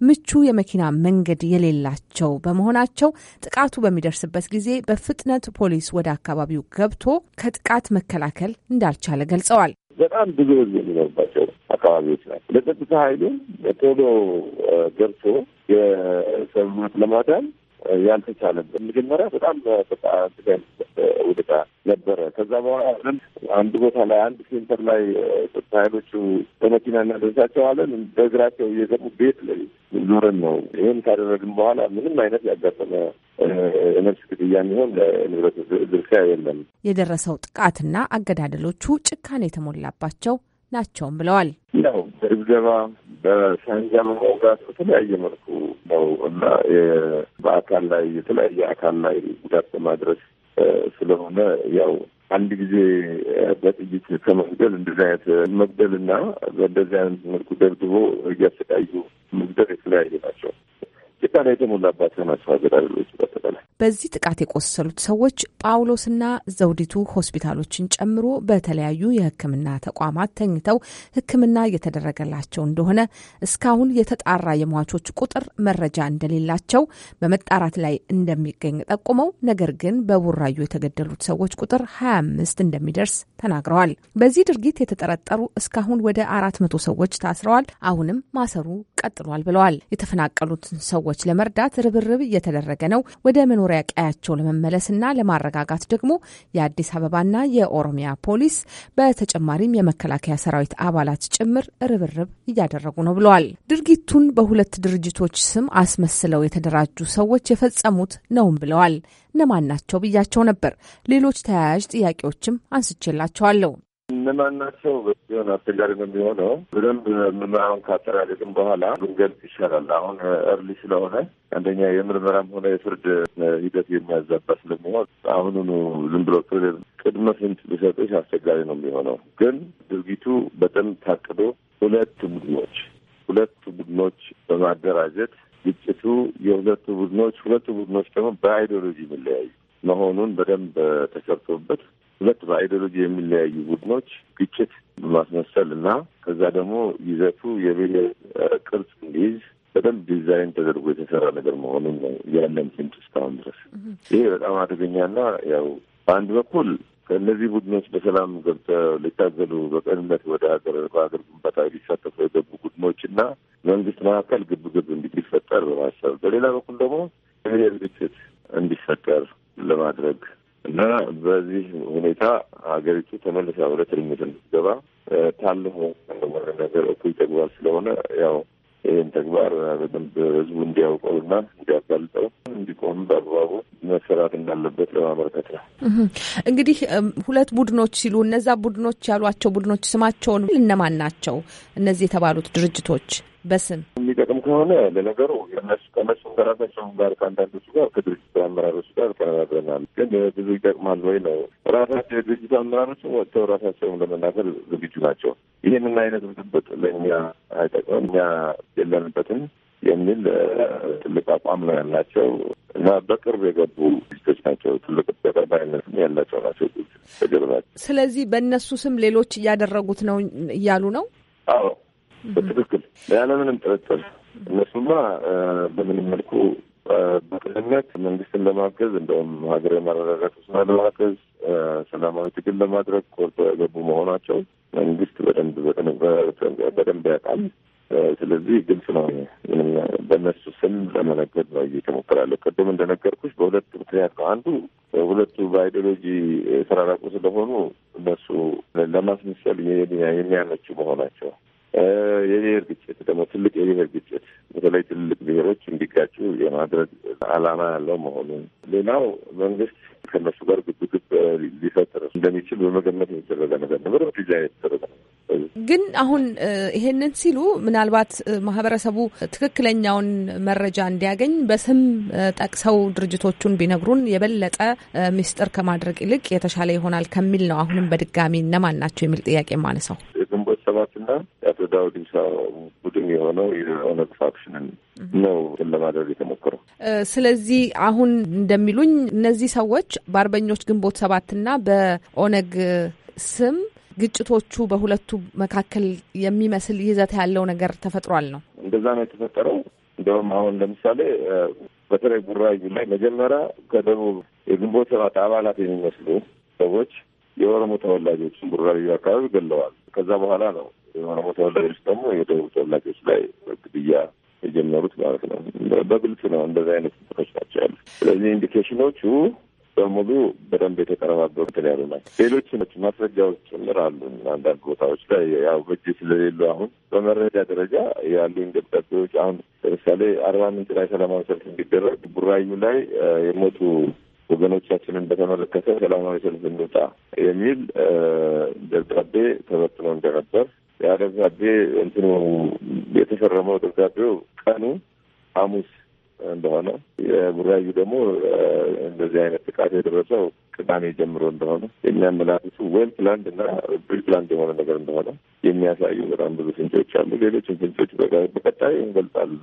ምቹ የመኪና መንገድ የሌላቸው በመሆናቸው ጥቃቱ በሚደርስበት ጊዜ በፍጥነት ፖሊስ ወደ አካባቢው ገብቶ ከጥቃት መከላከል እንዳልቻለ ገልጸዋል። በጣም ብዙ ህዝብ የሚኖርባቸው አካባቢዎች ናቸው። ለጸጥታ ኃይሉም ቶሎ ደርሶ የሰማት ለማዳን ያልተቻለበት መጀመሪያ በጣም በቃ ውድቃ ነበረ። ከዛ በኋላ አንድ ቦታ ላይ አንድ ሴንተር ላይ ጸጥታ ኃይሎቹ በመኪና እናደርሳቸዋለን በእግራቸው እየገቡ ቤት ላይ ዞረን ነው። ይህን ካደረግን በኋላ ምንም አይነት ያጋጠመ የነፍስ ግድያ የሚሆን ለንብረት ድርሻ የለም። የደረሰው ጥቃትና አገዳደሎቹ ጭካኔ የተሞላባቸው ናቸውም ብለዋል። ያው በድብደባ በሳንጃ መውጋት በተለያየ መልኩ ነው እና በአካል ላይ የተለያየ አካል ላይ ጉዳት በማድረስ ስለሆነ ያው አንድ ጊዜ በጥይት ከመግደል እንደዚህ አይነት መግደል እና በእንደዚህ አይነት መልኩ ደብድቦ እያሰቃዩ መግደል የተለያየ ናቸው። ጭካኔ የተሞላባቸው ናቸው አገዳደሎች በአጠቃላይ። በዚህ ጥቃት የቆሰሉት ሰዎች ጳውሎስና ዘውዲቱ ሆስፒታሎችን ጨምሮ በተለያዩ የሕክምና ተቋማት ተኝተው ሕክምና እየተደረገላቸው እንደሆነ እስካሁን የተጣራ የሟቾች ቁጥር መረጃ እንደሌላቸው በመጣራት ላይ እንደሚገኝ ጠቁመው ነገር ግን በቡራዩ የተገደሉት ሰዎች ቁጥር ሀያ አምስት እንደሚደርስ ተናግረዋል። በዚህ ድርጊት የተጠረጠሩ እስካሁን ወደ አራት መቶ ሰዎች ታስረዋል። አሁንም ማሰሩ ቀጥሏል ብለዋል። የተፈናቀሉትን ሰዎች ሰዎች ለመርዳት ርብርብ እየተደረገ ነው። ወደ መኖሪያ ቀያቸው ለመመለስና ለማረጋጋት ደግሞ የአዲስ አበባና የኦሮሚያ ፖሊስ በተጨማሪም የመከላከያ ሰራዊት አባላት ጭምር ርብርብ እያደረጉ ነው ብለዋል። ድርጊቱን በሁለት ድርጅቶች ስም አስመስለው የተደራጁ ሰዎች የፈጸሙት ነውም ብለዋል። እነማን ናቸው ብያቸው ነበር። ሌሎች ተያያዥ ጥያቄዎችም አንስቼላቸዋለሁ። እነማን ናቸው? አስቸጋሪ ነው የሚሆነው። በደንብ ምርመራውን ካጠናቀቅም በኋላ ብንገልጽ ይሻላል። አሁን እርሊ ስለሆነ አንደኛ የምርመራም ሆነ የፍርድ ሂደት የሚያዛባ ስለሚሆን አሁኑኑ ዝም ብሎ ቅድመ ፍንጭ ሊሰጥሽ አስቸጋሪ ነው የሚሆነው። ግን ድርጊቱ በደንብ ታቅዶ ሁለት ቡድኖች ሁለቱ ቡድኖች በማደራጀት ግጭቱ የሁለቱ ቡድኖች ሁለቱ ቡድኖች ደግሞ በአይዲዮሎጂ የሚለያዩ መሆኑን በደንብ ተሰርቶበት ሁለት በአይዲዮሎጂ የሚለያዩ ቡድኖች ግጭት ማስመሰል እና ከዛ ደግሞ ይዘቱ የብሔር ቅርጽ እንዲይዝ በደንብ ዲዛይን ተደርጎ የተሰራ ነገር መሆኑን ነው ያለን ስንት እስካሁን ድረስ ይሄ በጣም አደገኛና ያው በአንድ በኩል ከእነዚህ ቡድኖች በሰላም ገብተው ሊታገሉ በቀንነት ወደ ሀገር በሀገር ግንባታ ሊሳተፉ የገቡ ቡድኖች እና መንግስት መካከል ግብግብ እንዲፈጠር በማሰብ በሌላ በኩል ደግሞ የብሔር ግጭት እንዲፈጠር ለማድረግ እና በዚህ ሁኔታ ሀገሪቱ ተመልሳ ወደ ትርምት እንድትገባ ታልሞ ወረ ነገር እኩይ ተግባር ስለሆነ ያው ይህን ተግባር በደንብ ህዝቡ እንዲያውቀው ና እንዲያጋልጠው እንዲቆም በአግባቡ መሰራት እንዳለበት ለማመልከት ነው። እንግዲህ ሁለት ቡድኖች ሲሉ እነዛ ቡድኖች ያሏቸው ቡድኖች ስማቸውን እነማን ናቸው? እነዚህ የተባሉት ድርጅቶች በስም የሚጠቅም ከሆነ ለነገሩ እነሱ ከመስ ከራሳቸው ጋር ከአንዳንዶቹ ጋር ከድርጅቱ አመራሮች ጋር ተነጋግረናል። ግን ብዙ ይጠቅማል ወይ ነው። ራሳቸው የድርጅቱ አመራሮች ወጥተው ራሳቸውን ለመናገር ዝግጁ ናቸው። ይህንን አይነት ብጥብጥ ለእኛ አይጠቅምም፣ እኛ የለንበትም የሚል ትልቅ አቋም ነው ያላቸው እና በቅርብ የገቡ ድርጅቶች ናቸው። ትልቅ ተቀባይነትም ያላቸው ናቸው ድርጅቶች። ስለዚህ በእነሱ ስም ሌሎች እያደረጉት ነው እያሉ ነው። አዎ በትክክል ያለምንም ጥርጥር እነሱማ በምንም መልኩ በቅንነት መንግስትን ለማገዝ እንደውም ሀገር የማረጋጋት ስራ ለማገዝ ሰላማዊ ትግል ለማድረግ ቆርጦ የገቡ መሆናቸው መንግስት በደንብ በደንብ ያውቃል። ስለዚህ ግልጽ ነው። ምንም በእነሱ ስም ለመነገድ ነው እየተሞከራለሁ። ቅድም እንደነገርኩሽ በሁለት ምክንያት ነው። አንዱ ሁለቱ በአይዲዮሎጂ የተራራቁ ስለሆኑ እነሱ ለማስመሰል የሚያመቹ መሆናቸው የብሔር ግጭት ደግሞ ትልቅ የብሔር ግጭት በተለይ ትልቅ ብሔሮች እንዲጋጩ የማድረግ ዓላማ ያለው መሆኑን ሌላው መንግስት ከነሱ ጋር ግብግብ ሊፈጥር እንደሚችል በመገመት የሚደረገ ነገር ነበር። ጃ የተደረገ ግን አሁን ይሄንን ሲሉ ምናልባት ማህበረሰቡ ትክክለኛውን መረጃ እንዲያገኝ በስም ጠቅሰው ድርጅቶቹን ቢነግሩን የበለጠ ሚስጥር ከማድረግ ይልቅ የተሻለ ይሆናል ከሚል ነው። አሁንም በድጋሚ እነማን ናቸው የሚል ጥያቄ ማነሳው የግንቦት ሰባትና ዳውድ ቡድን የሆነው የኦነግ ፋክሽንን ነው ለማድረግ የተሞክረው። ስለዚህ አሁን እንደሚሉኝ እነዚህ ሰዎች በአርበኞች ግንቦት ሰባትና በኦነግ ስም ግጭቶቹ በሁለቱ መካከል የሚመስል ይዘት ያለው ነገር ተፈጥሯል ነው። እንደዛ ነው የተፈጠረው። እንደውም አሁን ለምሳሌ በተለይ ቡራዩ ላይ መጀመሪያ ከደቡብ የግንቦት ሰባት አባላት የሚመስሉ ሰዎች የኦሮሞ ተወላጆችን ቡራዩ አካባቢ ገለዋል። ከዛ በኋላ ነው የኦሮሞ ተወላጆች ደግሞ የደቡብ ተወላጆች ላይ በግድያ የጀመሩት ማለት ነው። በግልጽ ነው እንደዚህ አይነት ምክሮች ናቸው ያሉ። ስለዚህ ኢንዲኬሽኖቹ በሙሉ በደንብ የተቀነባበሩ እንትን ያሉ ናቸው። ሌሎች ማስረጃዎች ጭምር አሉ። አንዳንድ ቦታዎች ላይ ያው በእጅ ስለሌሉ አሁን በመረጃ ደረጃ ያሉ ደብዳቤዎች አሁን ለምሳሌ አርባ ምንጭ ላይ ሰላማዊ ሰልፍ እንዲደረግ ቡራዩ ላይ የሞቱ ወገኖቻችንን በተመለከተ ሰላማዊ ሰልፍ እንውጣ የሚል ደብዳቤ ተበትኖ እንደነበር ያ ደብዳቤ እንትኑ የተፈረመው ደብዳቤው ቀኑ ሐሙስ እንደሆነ የቡራዩ ደግሞ እንደዚህ አይነት ጥቃት የደረሰው ቅዳሜ ጀምሮ እንደሆነ የሚያመላክቱ ዌል ፕላንድ እና ፕላንድ የሆነ ነገር እንደሆነ የሚያሳዩ በጣም ብዙ ፍንጮች አሉ። ሌሎችም ፍንጮች በቀጣይ እንገልጻል።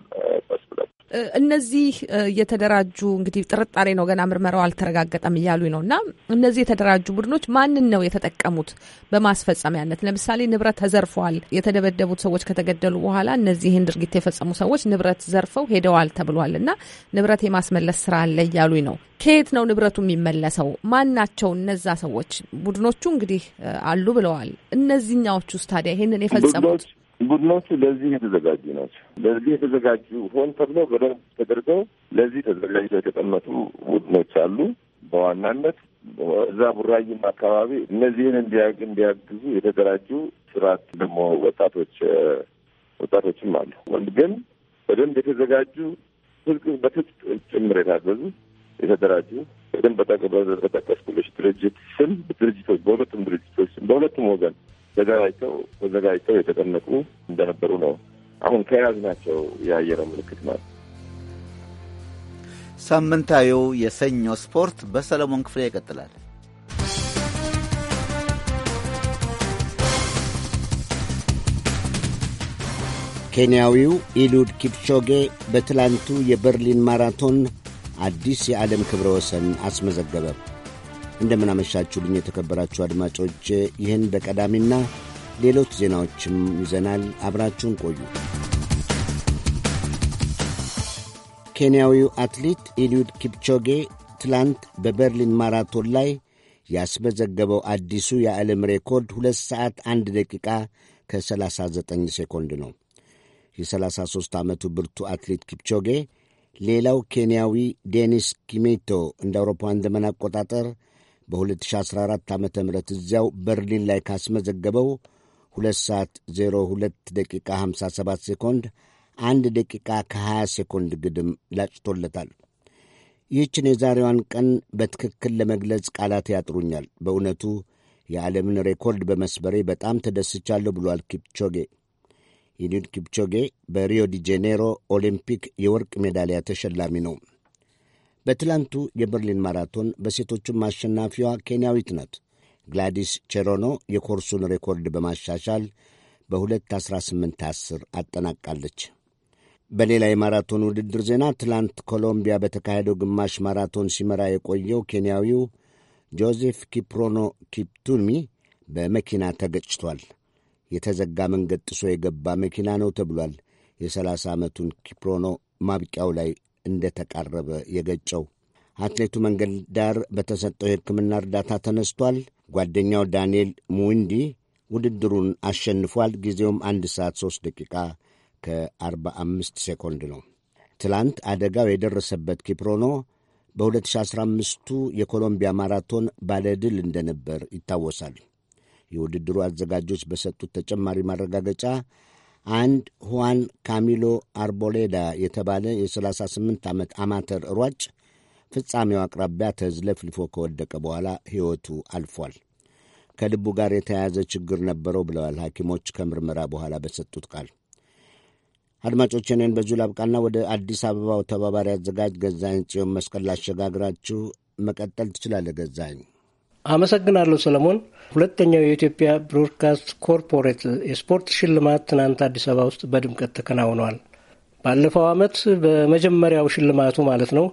እነዚህ የተደራጁ እንግዲህ ጥርጣሬ ነው፣ ገና ምርመራው አልተረጋገጠም እያሉ ነው። እና እነዚህ የተደራጁ ቡድኖች ማንን ነው የተጠቀሙት በማስፈጸሚያነት? ለምሳሌ ንብረት ተዘርፏል። የተደበደቡት ሰዎች ከተገደሉ በኋላ እነዚህን ድርጊት የፈጸሙ ሰዎች ንብረት ዘርፈው ሄደዋል ተብሏል እና ንብረት የማስመለስ ስራ አለ እያሉ ነው። ከየት ነው ንብረቱ የሚመለሰው? ማን ናቸው እነዛ ሰዎች? ቡድኖቹ እንግዲህ አሉ ብለዋል። እነዚህኛዎቹ ታዲያ ይህንን የፈጸሙት ቡድኖቹ ለዚህ የተዘጋጁ ናቸው። ለዚህ የተዘጋጁ ሆን ተብሎ በደንብ ተደርገው ለዚህ ተዘጋጅተው የተቀመጡ ቡድኖች አሉ። በዋናነት እዛ ቡራይም አካባቢ እነዚህን እንዲያግዙ የተደራጁ ስርዓት ደግሞ ወጣቶች ወጣቶችም አሉ። ወንድ ግን በደንብ የተዘጋጁ ትጥቅ በትጥቅ ጭምር የታገዙ የተደራጁ በደንብ በጠቀስኩልሽ ድርጅት ስም ድርጅቶች በሁለቱም ድርጅቶች በሁለቱም ወገን ተዘጋጅተው ተዘጋጅተው የተቀመጡ እንደነበሩ ነው አሁን ናቸው የአየረው ምልክት ማለት ሳምንታዊው የሰኞ ስፖርት በሰለሞን ክፍሌ ይቀጥላል። ኬንያዊው ኢሉድ ኪፕቾጌ በትላንቱ የበርሊን ማራቶን አዲስ የዓለም ክብረ ወሰን አስመዘገበ። እንደምናመሻችሁልኝ የተከበራችሁ አድማጮች፣ ይህን በቀዳሚና ሌሎች ዜናዎችም ይዘናል። አብራችሁን ቆዩ። ኬንያዊው አትሌት ኢልዩድ ኪፕቾጌ ትላንት በበርሊን ማራቶን ላይ ያስመዘገበው አዲሱ የዓለም ሬኮርድ 2 ሰዓት 1 ደቂቃ ከ39 ሴኮንድ ነው። የ33 ዓመቱ ብርቱ አትሌት ኪፕቾጌ ሌላው ኬንያዊ ዴኒስ ኪሜቶ እንደ አውሮፓውያን ዘመን አቆጣጠር በ2014 ዓ ም እዚያው በርሊን ላይ ካስመዘገበው 2 ሰዓት 02 ደቂቃ 57 ሴኮንድ 1 ደቂቃ ከ20 ሴኮንድ ግድም ላጭቶለታል። ይህችን የዛሬዋን ቀን በትክክል ለመግለጽ ቃላት ያጥሩኛል። በእውነቱ የዓለምን ሬኮርድ በመስበሬ በጣም ተደስቻለሁ ብሏል ኪፕቾጌ። የኒድ ኪፕቾጌ በሪዮ ዲ ጄኔሮ ኦሊምፒክ የወርቅ ሜዳሊያ ተሸላሚ ነው። በትላንቱ የበርሊን ማራቶን በሴቶቹም አሸናፊዋ ኬንያዊት ናት። ግላዲስ ቼሮኖ የኮርሱን ሬኮርድ በማሻሻል በ2:18:10 አጠናቃለች። በሌላ የማራቶን ውድድር ዜና ትላንት ኮሎምቢያ በተካሄደው ግማሽ ማራቶን ሲመራ የቆየው ኬንያዊው ጆዜፍ ኪፕሮኖ ኪፕቱሚ በመኪና ተገጭቷል። የተዘጋ መንገድ ጥሶ የገባ መኪና ነው ተብሏል። የ30 ዓመቱን ኪፕሮኖ ማብቂያው ላይ እንደተቃረበ የገጨው። አትሌቱ መንገድ ዳር በተሰጠው የሕክምና እርዳታ ተነስቷል። ጓደኛው ዳንኤል ሙዊንዲ ውድድሩን አሸንፏል። ጊዜውም አንድ ሰዓት 3 ደቂቃ ከ45 ሴኮንድ ነው። ትላንት አደጋው የደረሰበት ኪፕሮኖ በ2015ቱ የኮሎምቢያ ማራቶን ባለድል እንደነበር ይታወሳል። የውድድሩ አዘጋጆች በሰጡት ተጨማሪ ማረጋገጫ አንድ ሁዋን ካሚሎ አርቦሌዳ የተባለ የ38 ዓመት አማተር ሯጭ ፍጻሜው አቅራቢያ ተዝለፍልፎ ከወደቀ በኋላ ሕይወቱ አልፏል። ከልቡ ጋር የተያያዘ ችግር ነበረው ብለዋል ሐኪሞች ከምርመራ በኋላ በሰጡት ቃል። አድማጮች እኔን በዚሁ ላብቃና ወደ አዲስ አበባው ተባባሪ አዘጋጅ ገዛኝ ጽዮን መስቀል ላሸጋግራችሁ። መቀጠል ትችላለህ ገዛኝ። አመሰግናለሁ ሰለሞን። ሁለተኛው የኢትዮጵያ ብሮድካስት ኮርፖሬት የስፖርት ሽልማት ትናንት አዲስ አበባ ውስጥ በድምቀት ተከናውኗል። ባለፈው ዓመት በመጀመሪያው ሽልማቱ ማለት ነው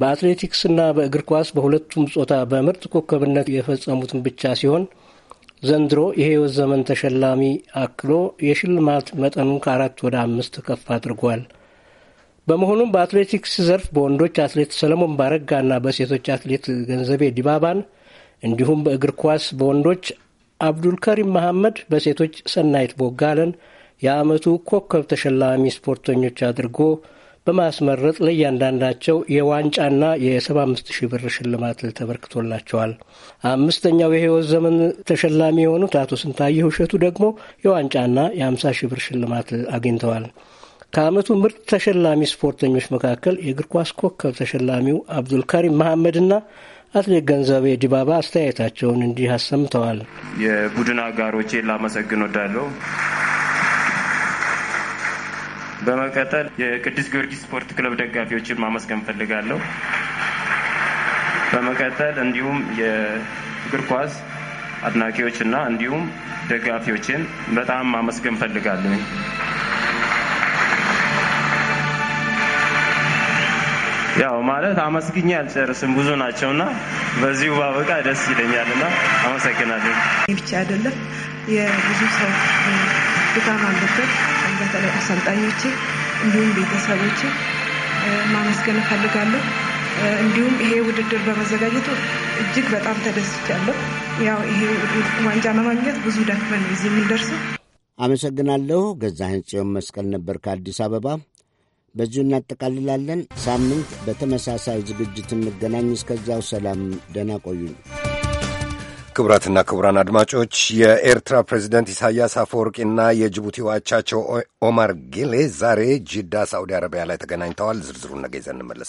በአትሌቲክስና በእግር ኳስ በሁለቱም ጾታ በምርጥ ኮከብነት የፈጸሙትን ብቻ ሲሆን ዘንድሮ የሕይወት ዘመን ተሸላሚ አክሎ የሽልማት መጠኑን ከአራት ወደ አምስት ከፍ አድርጓል። በመሆኑም በአትሌቲክስ ዘርፍ በወንዶች አትሌት ሰለሞን ባረጋና በሴቶች አትሌት ገንዘቤ ዲባባን እንዲሁም በእግር ኳስ በወንዶች አብዱልከሪም መሐመድ፣ በሴቶች ሰናይት ቦጋለን የዓመቱ ኮከብ ተሸላሚ ስፖርተኞች አድርጎ በማስመረጥ ለእያንዳንዳቸው የዋንጫና የ75 ሺህ ብር ሽልማት ተበርክቶላቸዋል። አምስተኛው የህይወት ዘመን ተሸላሚ የሆኑት አቶ ስንታየሁ እሸቱ ደግሞ የዋንጫና የ50 ሺህ ብር ሽልማት አግኝተዋል። ከዓመቱ ምርጥ ተሸላሚ ስፖርተኞች መካከል የእግር ኳስ ኮከብ ተሸላሚው አብዱልከሪም መሐመድና አትሌት ገንዘቤ ዲባባ አስተያየታቸውን እንዲህ አሰምተዋል። የቡድን አጋሮቼ ላመሰግን ወዳለሁ። በመቀጠል የቅዱስ ጊዮርጊስ ስፖርት ክለብ ደጋፊዎችን ማመስገን ፈልጋለሁ። በመቀጠል እንዲሁም የእግር ኳስ አድናቂዎችና እንዲሁም ደጋፊዎችን በጣም ማመስገን ፈልጋለሁ። ያው ማለት አመስግኜ አልጨርስም ብዙ ናቸውና በዚሁ ባበቃ ደስ ይለኛልና አመሰግናለሁ። ብቻ አይደለም የብዙ ሰው ድካም አለበት። በተለይ አሰልጣኞቼ እንዲሁም ቤተሰቦቼ ማመስገን እፈልጋለሁ። እንዲሁም ይሄ ውድድር በመዘጋጀቱ እጅግ በጣም ተደስቻለሁ። ያው ይሄ ዋንጫ ለማግኘት ብዙ ደክመን እዚህ የምንደርሰው። አመሰግናለሁ። ገዛ ጽዮን መስቀል ነበር ከአዲስ አበባ። በዚሁ እናጠቃልላለን። ሳምንት በተመሳሳይ ዝግጅት እንገናኝ። እስከዚያው ሰላም፣ ደህና ቆዩኝ። ክቡራትና ክቡራን አድማጮች የኤርትራ ፕሬዚደንት ኢሳያስ አፈወርቂና የጅቡቲ ዋቻቸው ኦማር ጌሌ ዛሬ ጂዳ ሳዑዲ አረቢያ ላይ ተገናኝተዋል። ዝርዝሩን ነገ ይዘን እንመለሳለን።